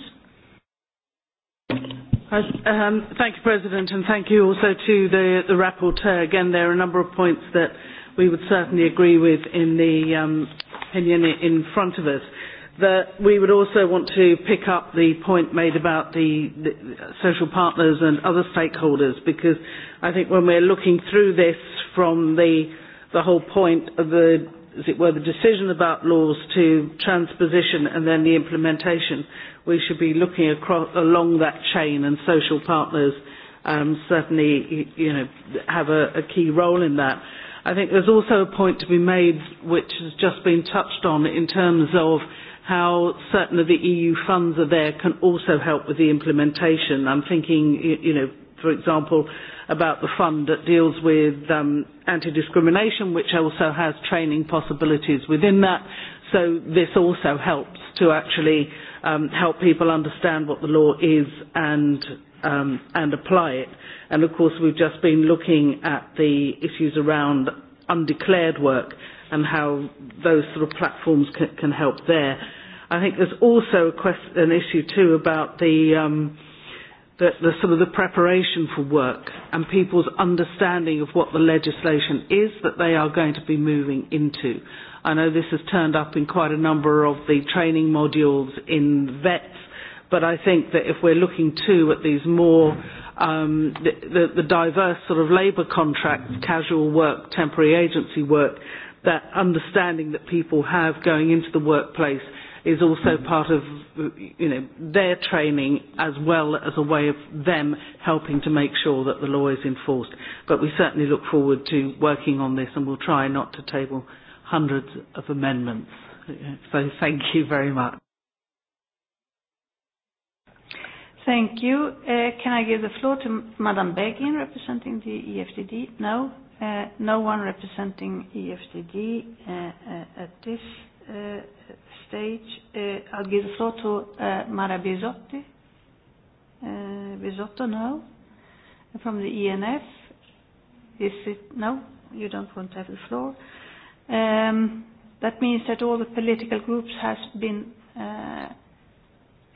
Speaker 11: Uh, um, thank you, President, and thank you also to the, the rapporteur. Again, there are a number of points that we would certainly agree with in the um, opinion in front of us that we would also want to pick up the point made about the, the social partners and other stakeholders because I think when we're looking through this from the, the whole point of the, as it were, the decision about laws to transposition and then the implementation, we should be looking across, along that chain and social partners um, certainly you know, have a, a key role in that. I think there's also a point to be made which has just been touched on in terms of how certain of the EU funds are there can also help with the implementation. I'm thinking, you know, for example, about the fund that deals with um, anti-discrimination, which also has training possibilities within that. So this also helps to actually um, help people understand what the law is and um, and apply it. And of course, we've just been looking at the issues around undeclared work and how those sort of platforms can, can help there. I think there's also a quest an issue too about the, um, the, the sort of the preparation for work and people's understanding of what the legislation is that they are going to be moving into. I know this has turned up in quite a number of the training modules in vets, but I think that if we're looking too at these more um, the, the, the diverse sort of labour contracts, casual work, temporary agency work, that understanding that people have going into the workplace is also mm-hmm. part of you know their training as well as a way of them helping to make sure that the law is enforced. But we certainly look forward to working on this, and we'll try not to table hundreds of amendments. So thank you very much.
Speaker 1: Thank you. Uh, can I give the floor to Madame Begin, representing the EFTD? No. Uh, no one representing EFTD uh, eh, eh, at this stage. I'll give the floor to Mara Bisotti. Bisotto no? from the ENF. Is it? No, you don't want to have the floor. Um, that means that all the political groups has been uh,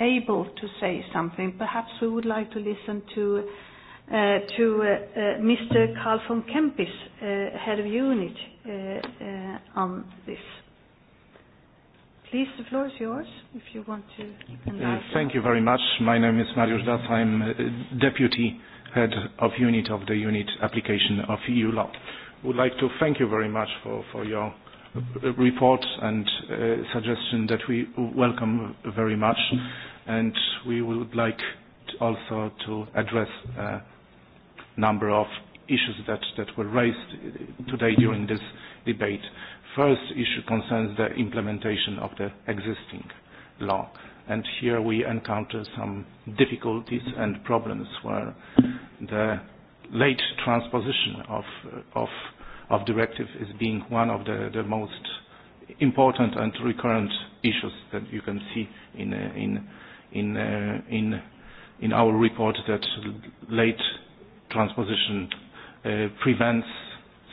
Speaker 1: able to say something. Perhaps we would like to listen to uh, to uh, uh, Mr. Carl von Kempis, uh, head of unit, uh, uh, on this. Please, the floor is yours if you want to.
Speaker 6: Uh,
Speaker 7: thank you very much. My name is Mariusz Das. I'm uh, deputy head of unit of the unit application of EU law. Would like to thank you very much for, for your report and uh, suggestion that we welcome very much, and we would like also to address uh, number of issues that, that were raised today during this debate. First issue concerns the implementation of the existing law. And here we encounter some difficulties and problems where the late transposition of, of, of directive is being one of the, the most important and recurrent issues that you can see in, in, in, uh, in, in our report that late transposition uh, prevents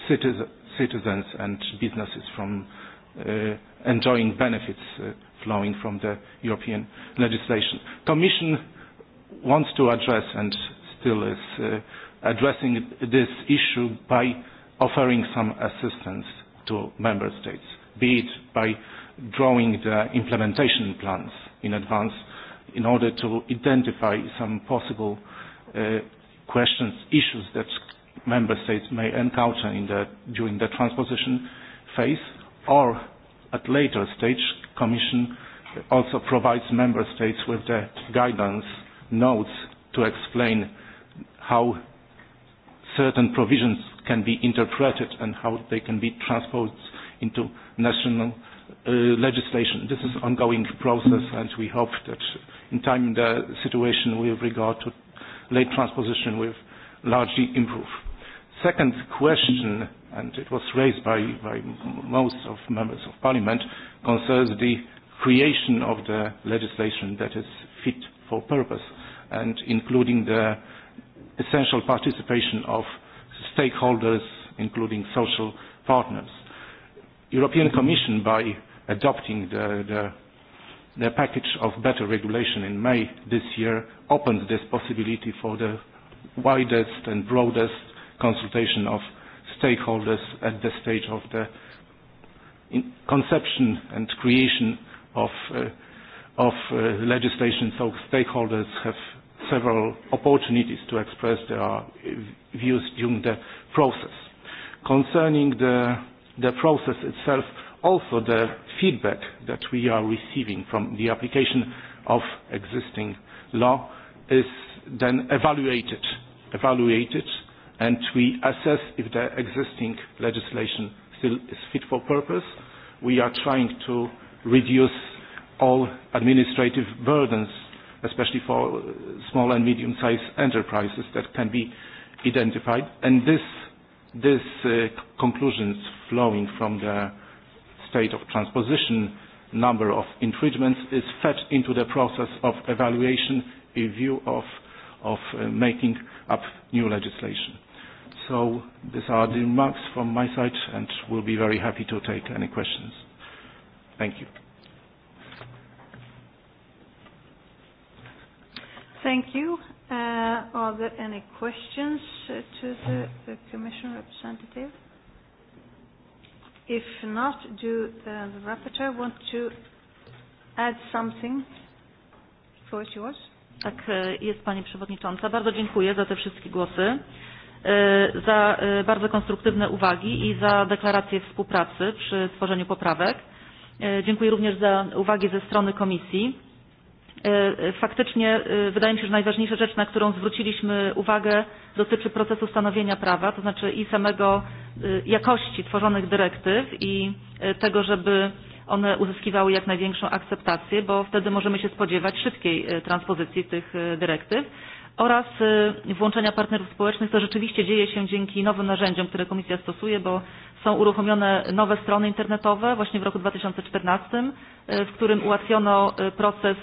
Speaker 7: citizen, citizens and businesses from uh, enjoying benefits uh, flowing from the European legislation. Commission wants to address and still is uh, addressing this issue by offering some assistance to member states, be it by drawing the implementation plans in advance in order to identify some possible uh, questions, issues that member states may encounter in the, during the transposition phase or at later stage, Commission also provides member states with the guidance notes to explain how certain provisions can be interpreted and how they can be transposed into national uh, legislation. This is an ongoing process and we hope that in time the situation with regard to late transposition will largely improve. Second question, and it was raised by, by most of members of parliament, concerns the creation of the legislation that is fit for purpose and including the essential participation of stakeholders, including social partners. European Commission, by adopting the, the The package of better regulation in May this year opens this possibility for the widest and broadest consultation of stakeholders at the stage of the conception and creation of, uh, of uh, legislation. So stakeholders have several opportunities to express their views during the process. Concerning the, the process itself, also the feedback that we are receiving from the application of existing law is then evaluated, evaluated, and we assess if the existing legislation still is fit for purpose. We are trying to reduce all administrative burdens, especially for small and medium-sized enterprises that can be identified. And this, this uh, conclusions flowing from the state of transposition, number of infringements is fed into the process of evaluation in view of, of uh, making up new legislation. So these are the remarks from my side and we'll be very happy to take any questions. Thank you.
Speaker 1: Thank you. Uh, are there any questions uh, to the, the Commission representative? If not, do the rapporteur want to add something? for is yours.
Speaker 8: Tak e, jest, Pani Przewodnicząca. Bardzo dziękuję za te wszystkie głosy, e, za e, bardzo konstruktywne uwagi i za deklarację współpracy przy tworzeniu poprawek. Dziękuję również za uwagi ze strony Komisji E, faktycznie e, wydaje mi się, że najważniejsza rzecz, na którą zwróciliśmy uwagę, dotyczy procesu stanowienia prawa, to znaczy i samego e, jakości tworzonych dyrektyw i tego, żeby one uzyskiwały jak największą akceptację, bo wtedy możemy się spodziewać szybkiej transpozycji tych dyrektyw oraz włączenia partnerów społecznych. To rzeczywiście dzieje się dzięki nowym narzędziom, które Komisja stosuje, bo są uruchomione nowe strony internetowe właśnie w roku 2014, w którym ułatwiono proces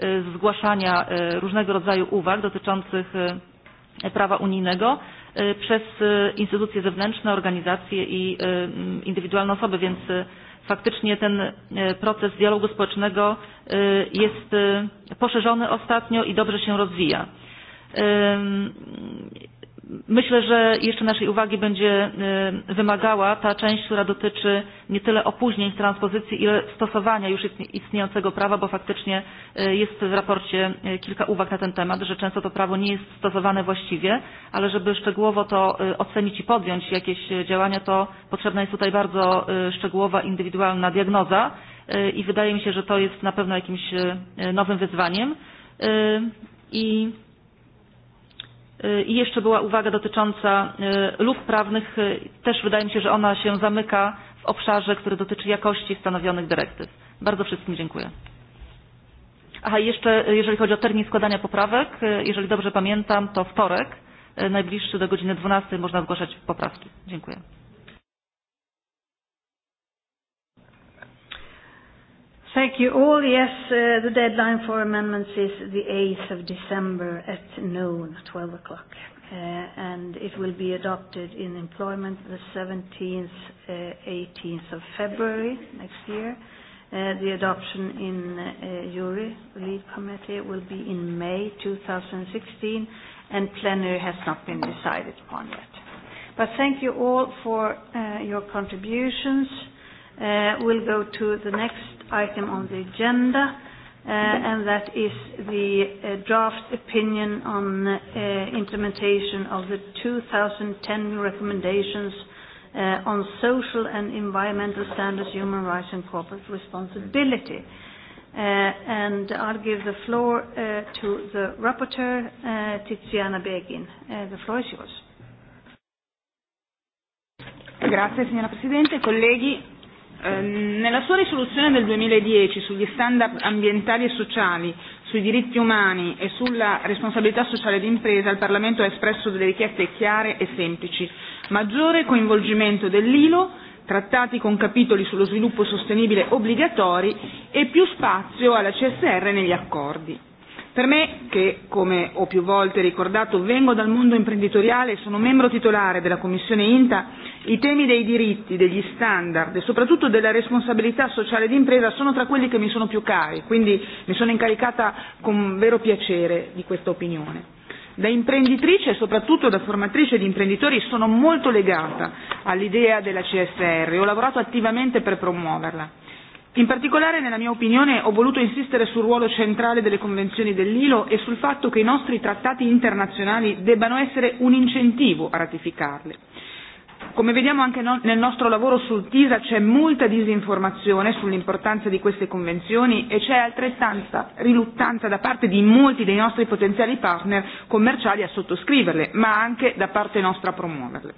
Speaker 8: E, zgłaszania e, różnego rodzaju uwag dotyczących e, prawa unijnego przez instytucje zewnętrzne, organizacje i indywidualne osoby, więc faktycznie ten proces dialogu społecznego jest poszerzony ostatnio i dobrze się rozwija. Myślę, że jeszcze naszej uwagi będzie e, wymagała ta część, która dotyczy nie tyle opóźnień w transpozycji, ile stosowania już istniejącego prawa, bo faktycznie e, jest w raporcie e, kilka uwag na ten temat, że często to prawo nie jest stosowane właściwie, ale żeby szczegółowo to ocenić i podjąć jakieś działania, to potrzebna jest tutaj bardzo szczegółowa, indywidualna diagnoza i wydaje mi się, że to jest na pewno jakimś nowym wyzwaniem. I E, I jeszcze była uwaga dotycząca e, luk prawnych. E, też wydaje mi się, że ona się zamyka w obszarze, który dotyczy jakości stanowionych dyrektyw. Bardzo wszystkim dziękuję. Aha, jeszcze jeżeli chodzi o termin składania poprawek, jeżeli dobrze pamiętam, to wtorek, najbliższy do godziny 12 można zgłaszać poprawki. Dziękuję.
Speaker 1: Thank you all. Yes, uh, the deadline for amendments is the 8th of December at noon, 12 o'clock. Uh, and it will be adopted in employment the 17th, uh, 18th of February next year. Uh, the adoption in uh, jury lead committee will be in May 2016 and plenary has not been decided upon yet. But thank you all for uh, your contributions. Uh, we'll go to the next item on the agenda, uh, and that is the uh, draft opinion on uh, implementation of the 2010 recommendations uh, on social and environmental standards, human rights, and corporate responsibility. Uh, and I'll give the floor uh, to the rapporteur, uh, Tiziana Begin. Uh, the floor is yours.
Speaker 12: Grazie signora Presidente, colleghi. Eh, nella sua risoluzione del 2010 sugli standard ambientali e sociali, sui diritti umani e sulla responsabilità sociale d'impresa, il Parlamento ha espresso delle richieste chiare e semplici. Maggiore coinvolgimento dell'ILO, trattati con capitoli sullo sviluppo sostenibile obbligatori e più spazio alla CSR negli accordi. Per me, che come ho più volte ricordato vengo dal mondo imprenditoriale e sono membro titolare della Commissione INTA, i temi dei diritti, degli standard e soprattutto della responsabilità sociale d'impresa sono tra quelli che mi sono più cari, quindi mi sono incaricata con vero piacere di questa opinione. Da imprenditrice e soprattutto da formatrice di imprenditori sono molto legata all'idea della CSR e ho lavorato attivamente per promuoverla. In particolare, nella mia opinione, ho voluto insistere sul ruolo centrale delle convenzioni dell'ILO e sul fatto che i nostri trattati internazionali debbano essere un incentivo a ratificarle. Come vediamo anche no, nel nostro lavoro sul TISA c'è molta disinformazione sull'importanza di queste convenzioni e c'è altrettanta riluttanza da parte di molti dei nostri potenziali partner commerciali a sottoscriverle, ma anche da parte nostra a promuoverle.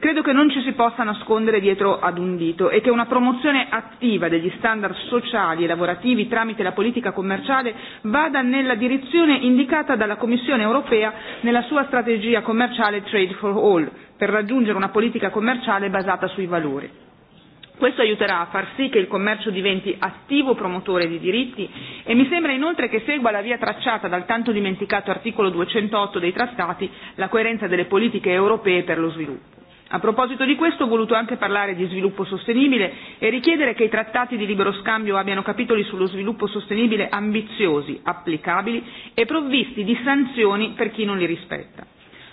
Speaker 12: Credo che non ci si possa nascondere dietro ad un dito e che una promozione attiva degli standard sociali e lavorativi tramite la politica commerciale vada nella direzione indicata dalla Commissione europea nella sua strategia commerciale Trade for All, per raggiungere una politica commerciale basata sui valori. Questo aiuterà a far sì che il commercio diventi attivo promotore di diritti e mi sembra inoltre che segua la via tracciata dal tanto dimenticato articolo 208 dei trattati, la coerenza delle politiche europee per lo sviluppo. A proposito di questo ho voluto anche parlare di sviluppo sostenibile e richiedere che i trattati di libero scambio abbiano capitoli sullo sviluppo sostenibile ambiziosi, applicabili e provvisti di sanzioni per chi non li rispetta.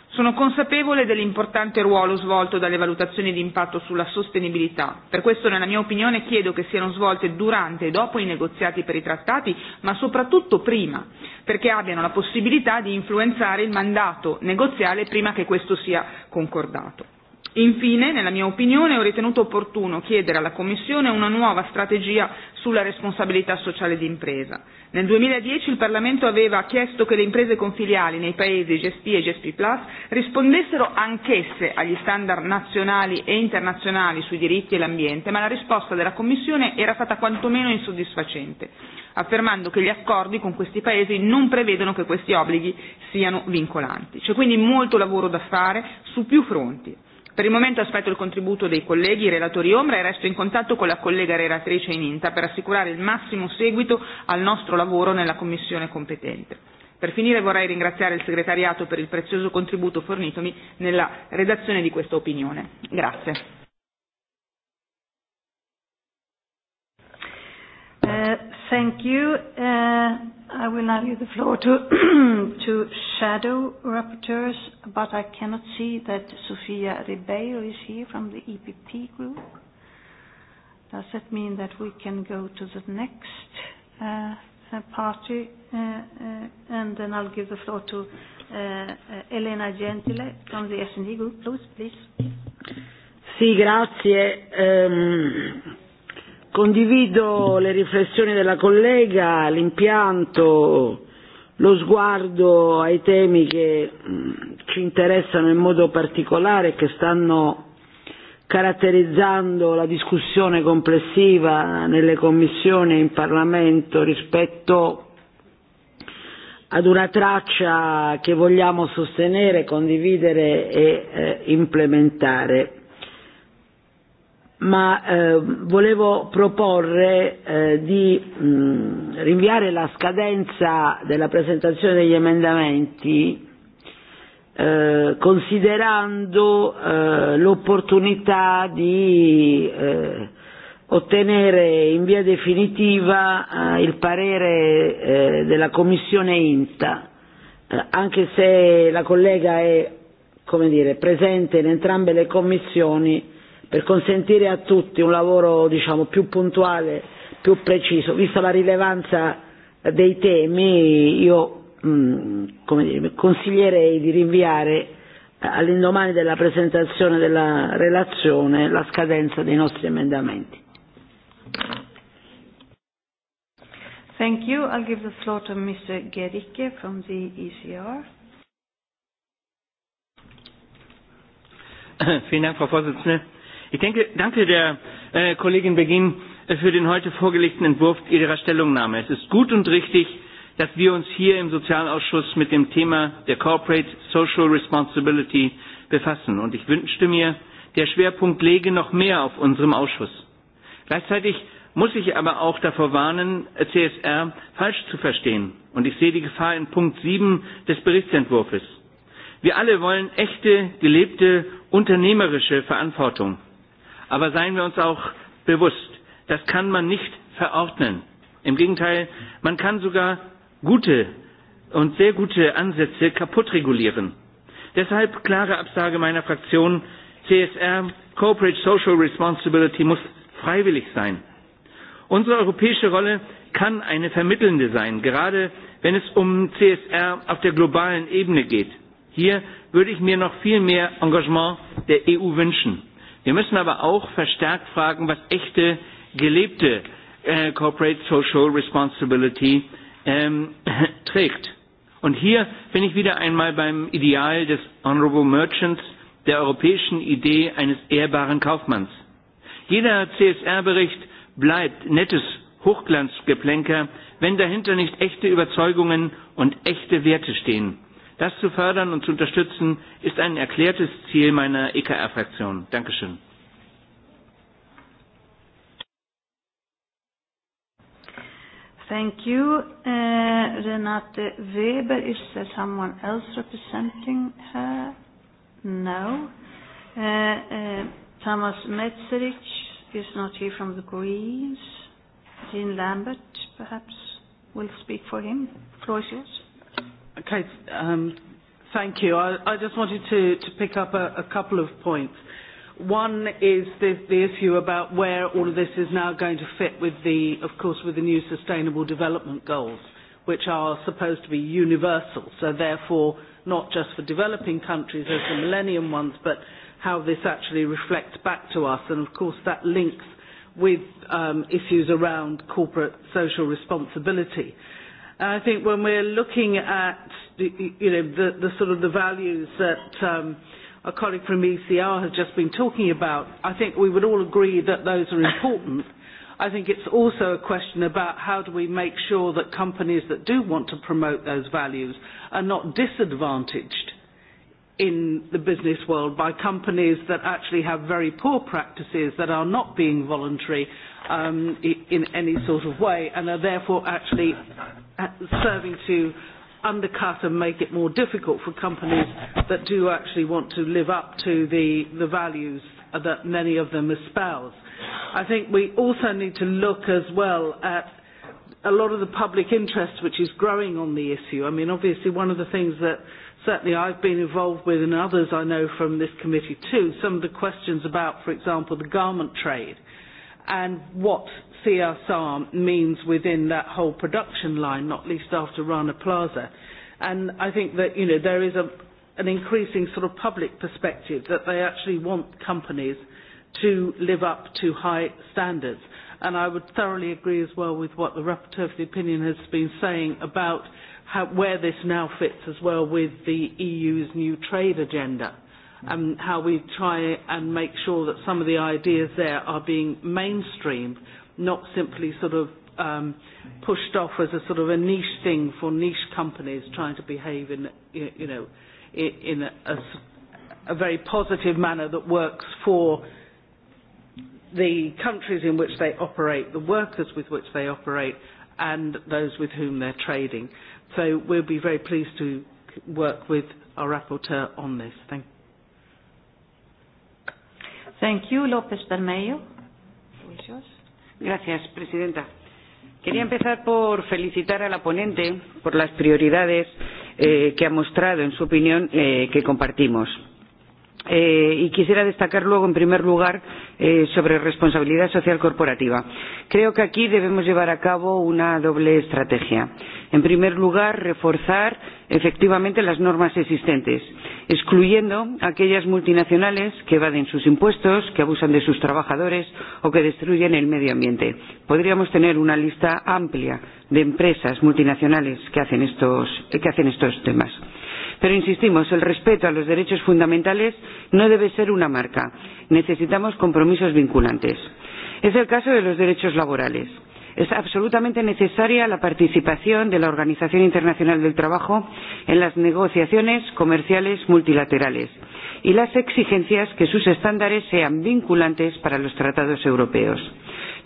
Speaker 12: Sono consapevole dell'importante ruolo svolto dalle valutazioni di impatto sulla sostenibilità. Per questo, nella mia opinione, chiedo che siano svolte durante e dopo i negoziati per i trattati, ma soprattutto prima, perché abbiano la possibilità di influenzare il mandato negoziale prima che questo sia concordato. Infine, nella mia opinione, ho ritenuto opportuno chiedere alla Commissione una nuova strategia sulla responsabilità sociale d'impresa. Nel 2010 il Parlamento aveva chiesto che le imprese con filiali nei paesi GSP e GSP Plus rispondessero anch'esse agli standard nazionali e internazionali sui diritti e l'ambiente, ma la risposta della Commissione era stata quantomeno insoddisfacente, affermando che gli accordi con questi paesi non prevedono che questi obblighi siano vincolanti. C'è quindi molto lavoro da fare su più fronti Per il momento aspetto il contributo dei colleghi relatori ombra e resto in contatto con la collega relatrice in INTA per assicurare il massimo seguito al nostro lavoro nella commissione competente. Per finire vorrei ringraziare il segretariato per il prezioso contributo fornitomi nella redazione di questa opinione. Grazie.
Speaker 1: Eh, Thank you. Uh, I will now give the floor to to shadow rapporteurs, but I cannot see that Sofia Ribeiro is here from the EPP group. Does that mean that we can go to the next uh, uh, party? Uh, uh, and then I'll give the floor to uh, Elena Gentile from the S&D group. Please, please.
Speaker 13: Sì, grazie. Um... Condivido le riflessioni della collega, l'impianto, lo sguardo ai temi che mm, ci interessano in modo particolare e che stanno caratterizzando la discussione complessiva nelle commissioni e in Parlamento rispetto ad una traccia che vogliamo sostenere, condividere e eh, implementare ma eh, volevo proporre eh, di mh, mm, rinviare la scadenza della presentazione degli emendamenti eh, considerando eh, l'opportunità di eh, ottenere in via definitiva eh, il parere eh, della Commissione INTA, eh, anche se la collega è come dire, presente in entrambe le commissioni per consentire a tutti un lavoro diciamo, più puntuale, più preciso. Vista la rilevanza dei temi, io mh, mm, come dire, consiglierei di rinviare all'indomani della presentazione della relazione la scadenza dei nostri emendamenti.
Speaker 1: Thank you. I'll give the floor to Mr. Gericke from the ECR.
Speaker 14: Vielen Dank, Frau Vorsitzende. Ich denke, danke der äh, Kollegin Begin äh, für den heute vorgelegten Entwurf ihrer Stellungnahme. Es ist gut und richtig, dass wir uns hier im Sozialausschuss mit dem Thema der Corporate Social Responsibility befassen. Und ich wünschte mir, der Schwerpunkt lege noch mehr auf unserem Ausschuss. Gleichzeitig muss ich aber auch davor warnen, äh, CSR falsch zu verstehen. Und ich sehe die Gefahr in Punkt 7 des Berichtsentwurfs. Wir alle wollen echte, gelebte, unternehmerische Verantwortung. Aber seien wir uns auch bewusst, das kann man nicht verordnen. Im Gegenteil, man kann sogar gute und sehr gute Ansätze kaputt regulieren. Deshalb klare Absage meiner Fraktion, CSR, Corporate Social Responsibility muss freiwillig sein. Unsere europäische Rolle kann eine vermittelnde sein, gerade wenn es um CSR auf der globalen Ebene geht. Hier würde ich mir noch viel mehr Engagement der EU wünschen. Wir müssen aber auch verstärkt fragen, was echte, gelebte äh, Corporate Social Responsibility ähm, trägt. Und hier bin ich wieder einmal beim Ideal des Honorable Merchants, der europäischen Idee eines ehrbaren Kaufmanns. Jeder CSR-Bericht bleibt nettes Hochglanzgeplänker, wenn dahinter nicht echte Überzeugungen und echte Werte stehen. Das zu fördern und zu unterstützen, ist ein erklärtes Ziel meiner EKR-Fraktion. Dankeschön.
Speaker 1: Thank you. Uh, Renate Weber, is there someone else representing her? No. Uh, uh, Thomas Metzerich is not here from the Greens. Jean Lambert, perhaps, will speak for him. Floor is yours.
Speaker 11: Okay, um, thank you. I, I just wanted to, to pick up a, a couple of points. One is the, the issue about where all of this is now going to fit with the, of course, with the new Sustainable Development Goals, which are supposed to be universal. So therefore, not just for developing countries as the Millennium ones, but how this actually reflects back to us. And of course, that links with um, issues around corporate social responsibility. And I think when we're looking at the, you know the, the sort of the values that um, a colleague from ECR has just been talking about, I think we would all agree that those are important. I think it's also a question about how do we make sure that companies that do want to promote those values are not disadvantaged in the business world by companies that actually have very poor practices that are not being voluntary um, in any sort of way and are therefore actually Uh, serving to undercut and make it more difficult for companies that do actually want to live up to the, the values that many of them espouse. I think we also need to look as well at a lot of the public interest which is growing on the issue. I mean, obviously, one of the things that certainly I've been involved with and others I know from this committee too, some of the questions about, for example, the garment trade and what CSR means within that whole production line, not least after Rana Plaza. And I think that, you know, there is a, an increasing sort of public perspective that they actually want companies to live up to high standards. And I would thoroughly agree as well with what the rapporteur for the opinion has been saying about how, where this now fits as well with the EU's new trade agenda and how we try and make sure that some of the ideas there are being mainstreamed not simply sort of um, pushed off as a sort of a niche thing for niche companies trying to behave in, you know, in a, a, a very positive manner that works for the countries in which they operate, the workers with which they operate, and those with whom they're trading. So we'll be very pleased to work with our rapporteur on this. Thank you.
Speaker 4: Thank you. López Bermejo. Yours. Gracias, presidenta. Quería empezar por felicitar a la ponente por las prioridades eh, que ha mostrado en su opinión eh, que compartimos. Eh, y quisiera destacar luego, en primer lugar, eh, sobre responsabilidad social corporativa. Creo que aquí debemos llevar a cabo una doble estrategia. En primer lugar, reforzar efectivamente las normas existentes, excluyendo a aquellas multinacionales que evaden sus impuestos, que abusan de sus trabajadores o que destruyen el medio ambiente. Podríamos tener una lista amplia de empresas multinacionales que hacen estos, que hacen estos temas. Pero insistimos, el respeto a los derechos fundamentales no debe ser una marca. Necesitamos compromisos vinculantes. Es el caso de los derechos laborales. Es absolutamente necesaria la participación de la Organización Internacional del Trabajo en las negociaciones comerciales multilaterales y las exigencias que sus estándares sean vinculantes para los tratados europeos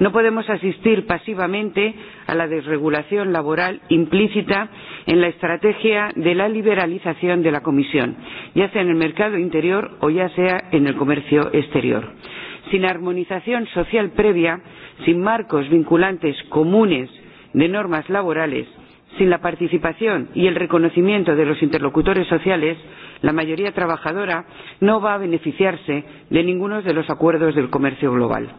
Speaker 4: No podemos asistir pasivamente a la desregulación laboral implícita en la estrategia de la liberalización de la Comisión, ya sea en el mercado interior o ya sea en el comercio exterior. Sin armonización social previa, sin marcos vinculantes comunes de normas laborales, sin la participación y el reconocimiento de los interlocutores sociales, la mayoría trabajadora no va a beneficiarse de ninguno de los acuerdos del comercio global.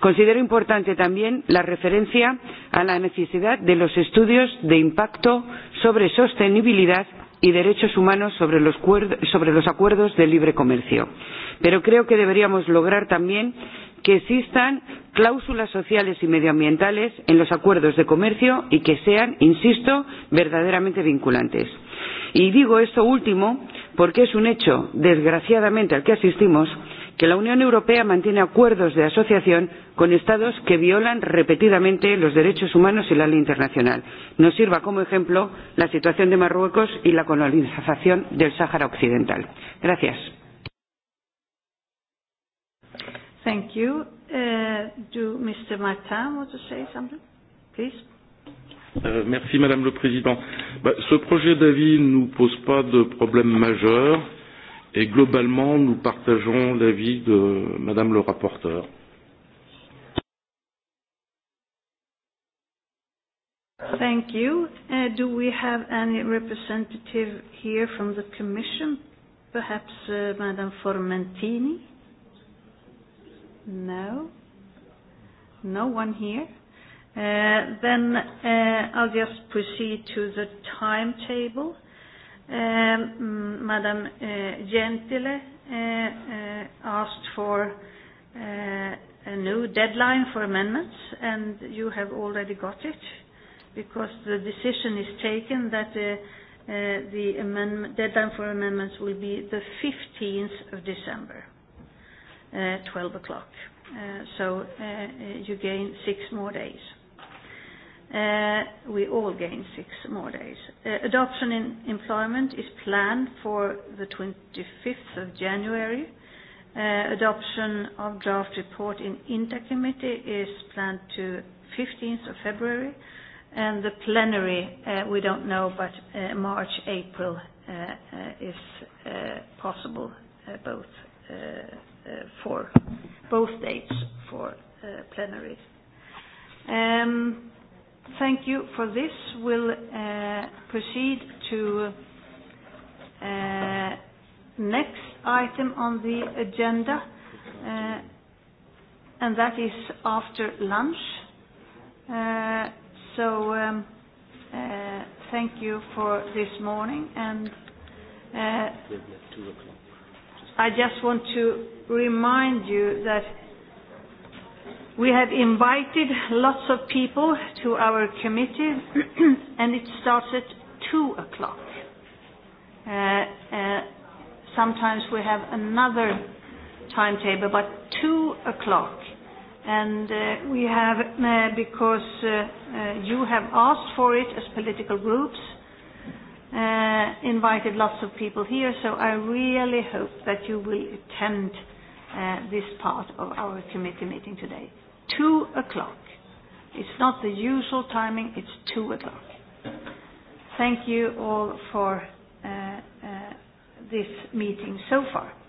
Speaker 4: Considero importante también la referencia a la necesidad de los estudios de impacto sobre sostenibilidad y derechos humanos sobre los, sobre los acuerdos de libre comercio. Pero creo que deberíamos lograr también que existan cláusulas sociales y medioambientales en los acuerdos de comercio y que sean, insisto, verdaderamente vinculantes. Y digo esto último porque es un hecho, desgraciadamente, al que asistimos, que la Unión Europea mantiene acuerdos de asociación con Estados que violan repetidamente los derechos humanos y la ley internacional. Nos sirva como ejemplo la situación de Marruecos y la colonización del Sáhara Occidental. Gracias.
Speaker 1: Thank you. Uh, do Mr. Martin want to say something, please?
Speaker 7: Euh, merci Madame le Président. Bah, ce projet d'avis ne nous pose pas de problème majeur. Euh, et globalement, nous partageons l'avis de Madame le rapporteur.
Speaker 1: Thank you. Uh, do we have any representative here from the Commission? Perhaps uh, Madame Formentini? No? No one here? Uh, then uh, I'll just proceed to the timetable. Um, Madam uh, Gentile uh, uh, asked for uh, a new deadline for amendments, and you have already got it because the decision is taken that uh, uh, the amendment, deadline for amendments will be the 15th of December, uh, 12 o'clock. Uh, so uh, you gain six more days uh, we all gain six more days. Uh, adoption in employment is planned for the 25th of January. Uh, adoption of draft report in INTA committee is planned to 15th of February, and the plenary, uh, we don't know, but uh, March, April uh, uh, is uh, possible, uh, both uh, uh, for both dates for uh, plenary. Um, Thank you for this. We'll uh, proceed to uh, next item on the agenda, uh, and that is after lunch. Uh, so um, uh, thank you for this morning, and uh, I just want to remind you that We have invited lots of people to our committee, and it starts at 2 o'clock. Uh, uh, sometimes we have another timetable, but 2 o'clock. And uh, we have, uh, because uh, uh, you have asked for it as political groups, uh, invited lots of people here, so I really hope that you will attend uh, this part of our committee meeting today two o'clock. It's not the usual timing, it's two o'clock. Thank you all for uh, uh, this meeting so far.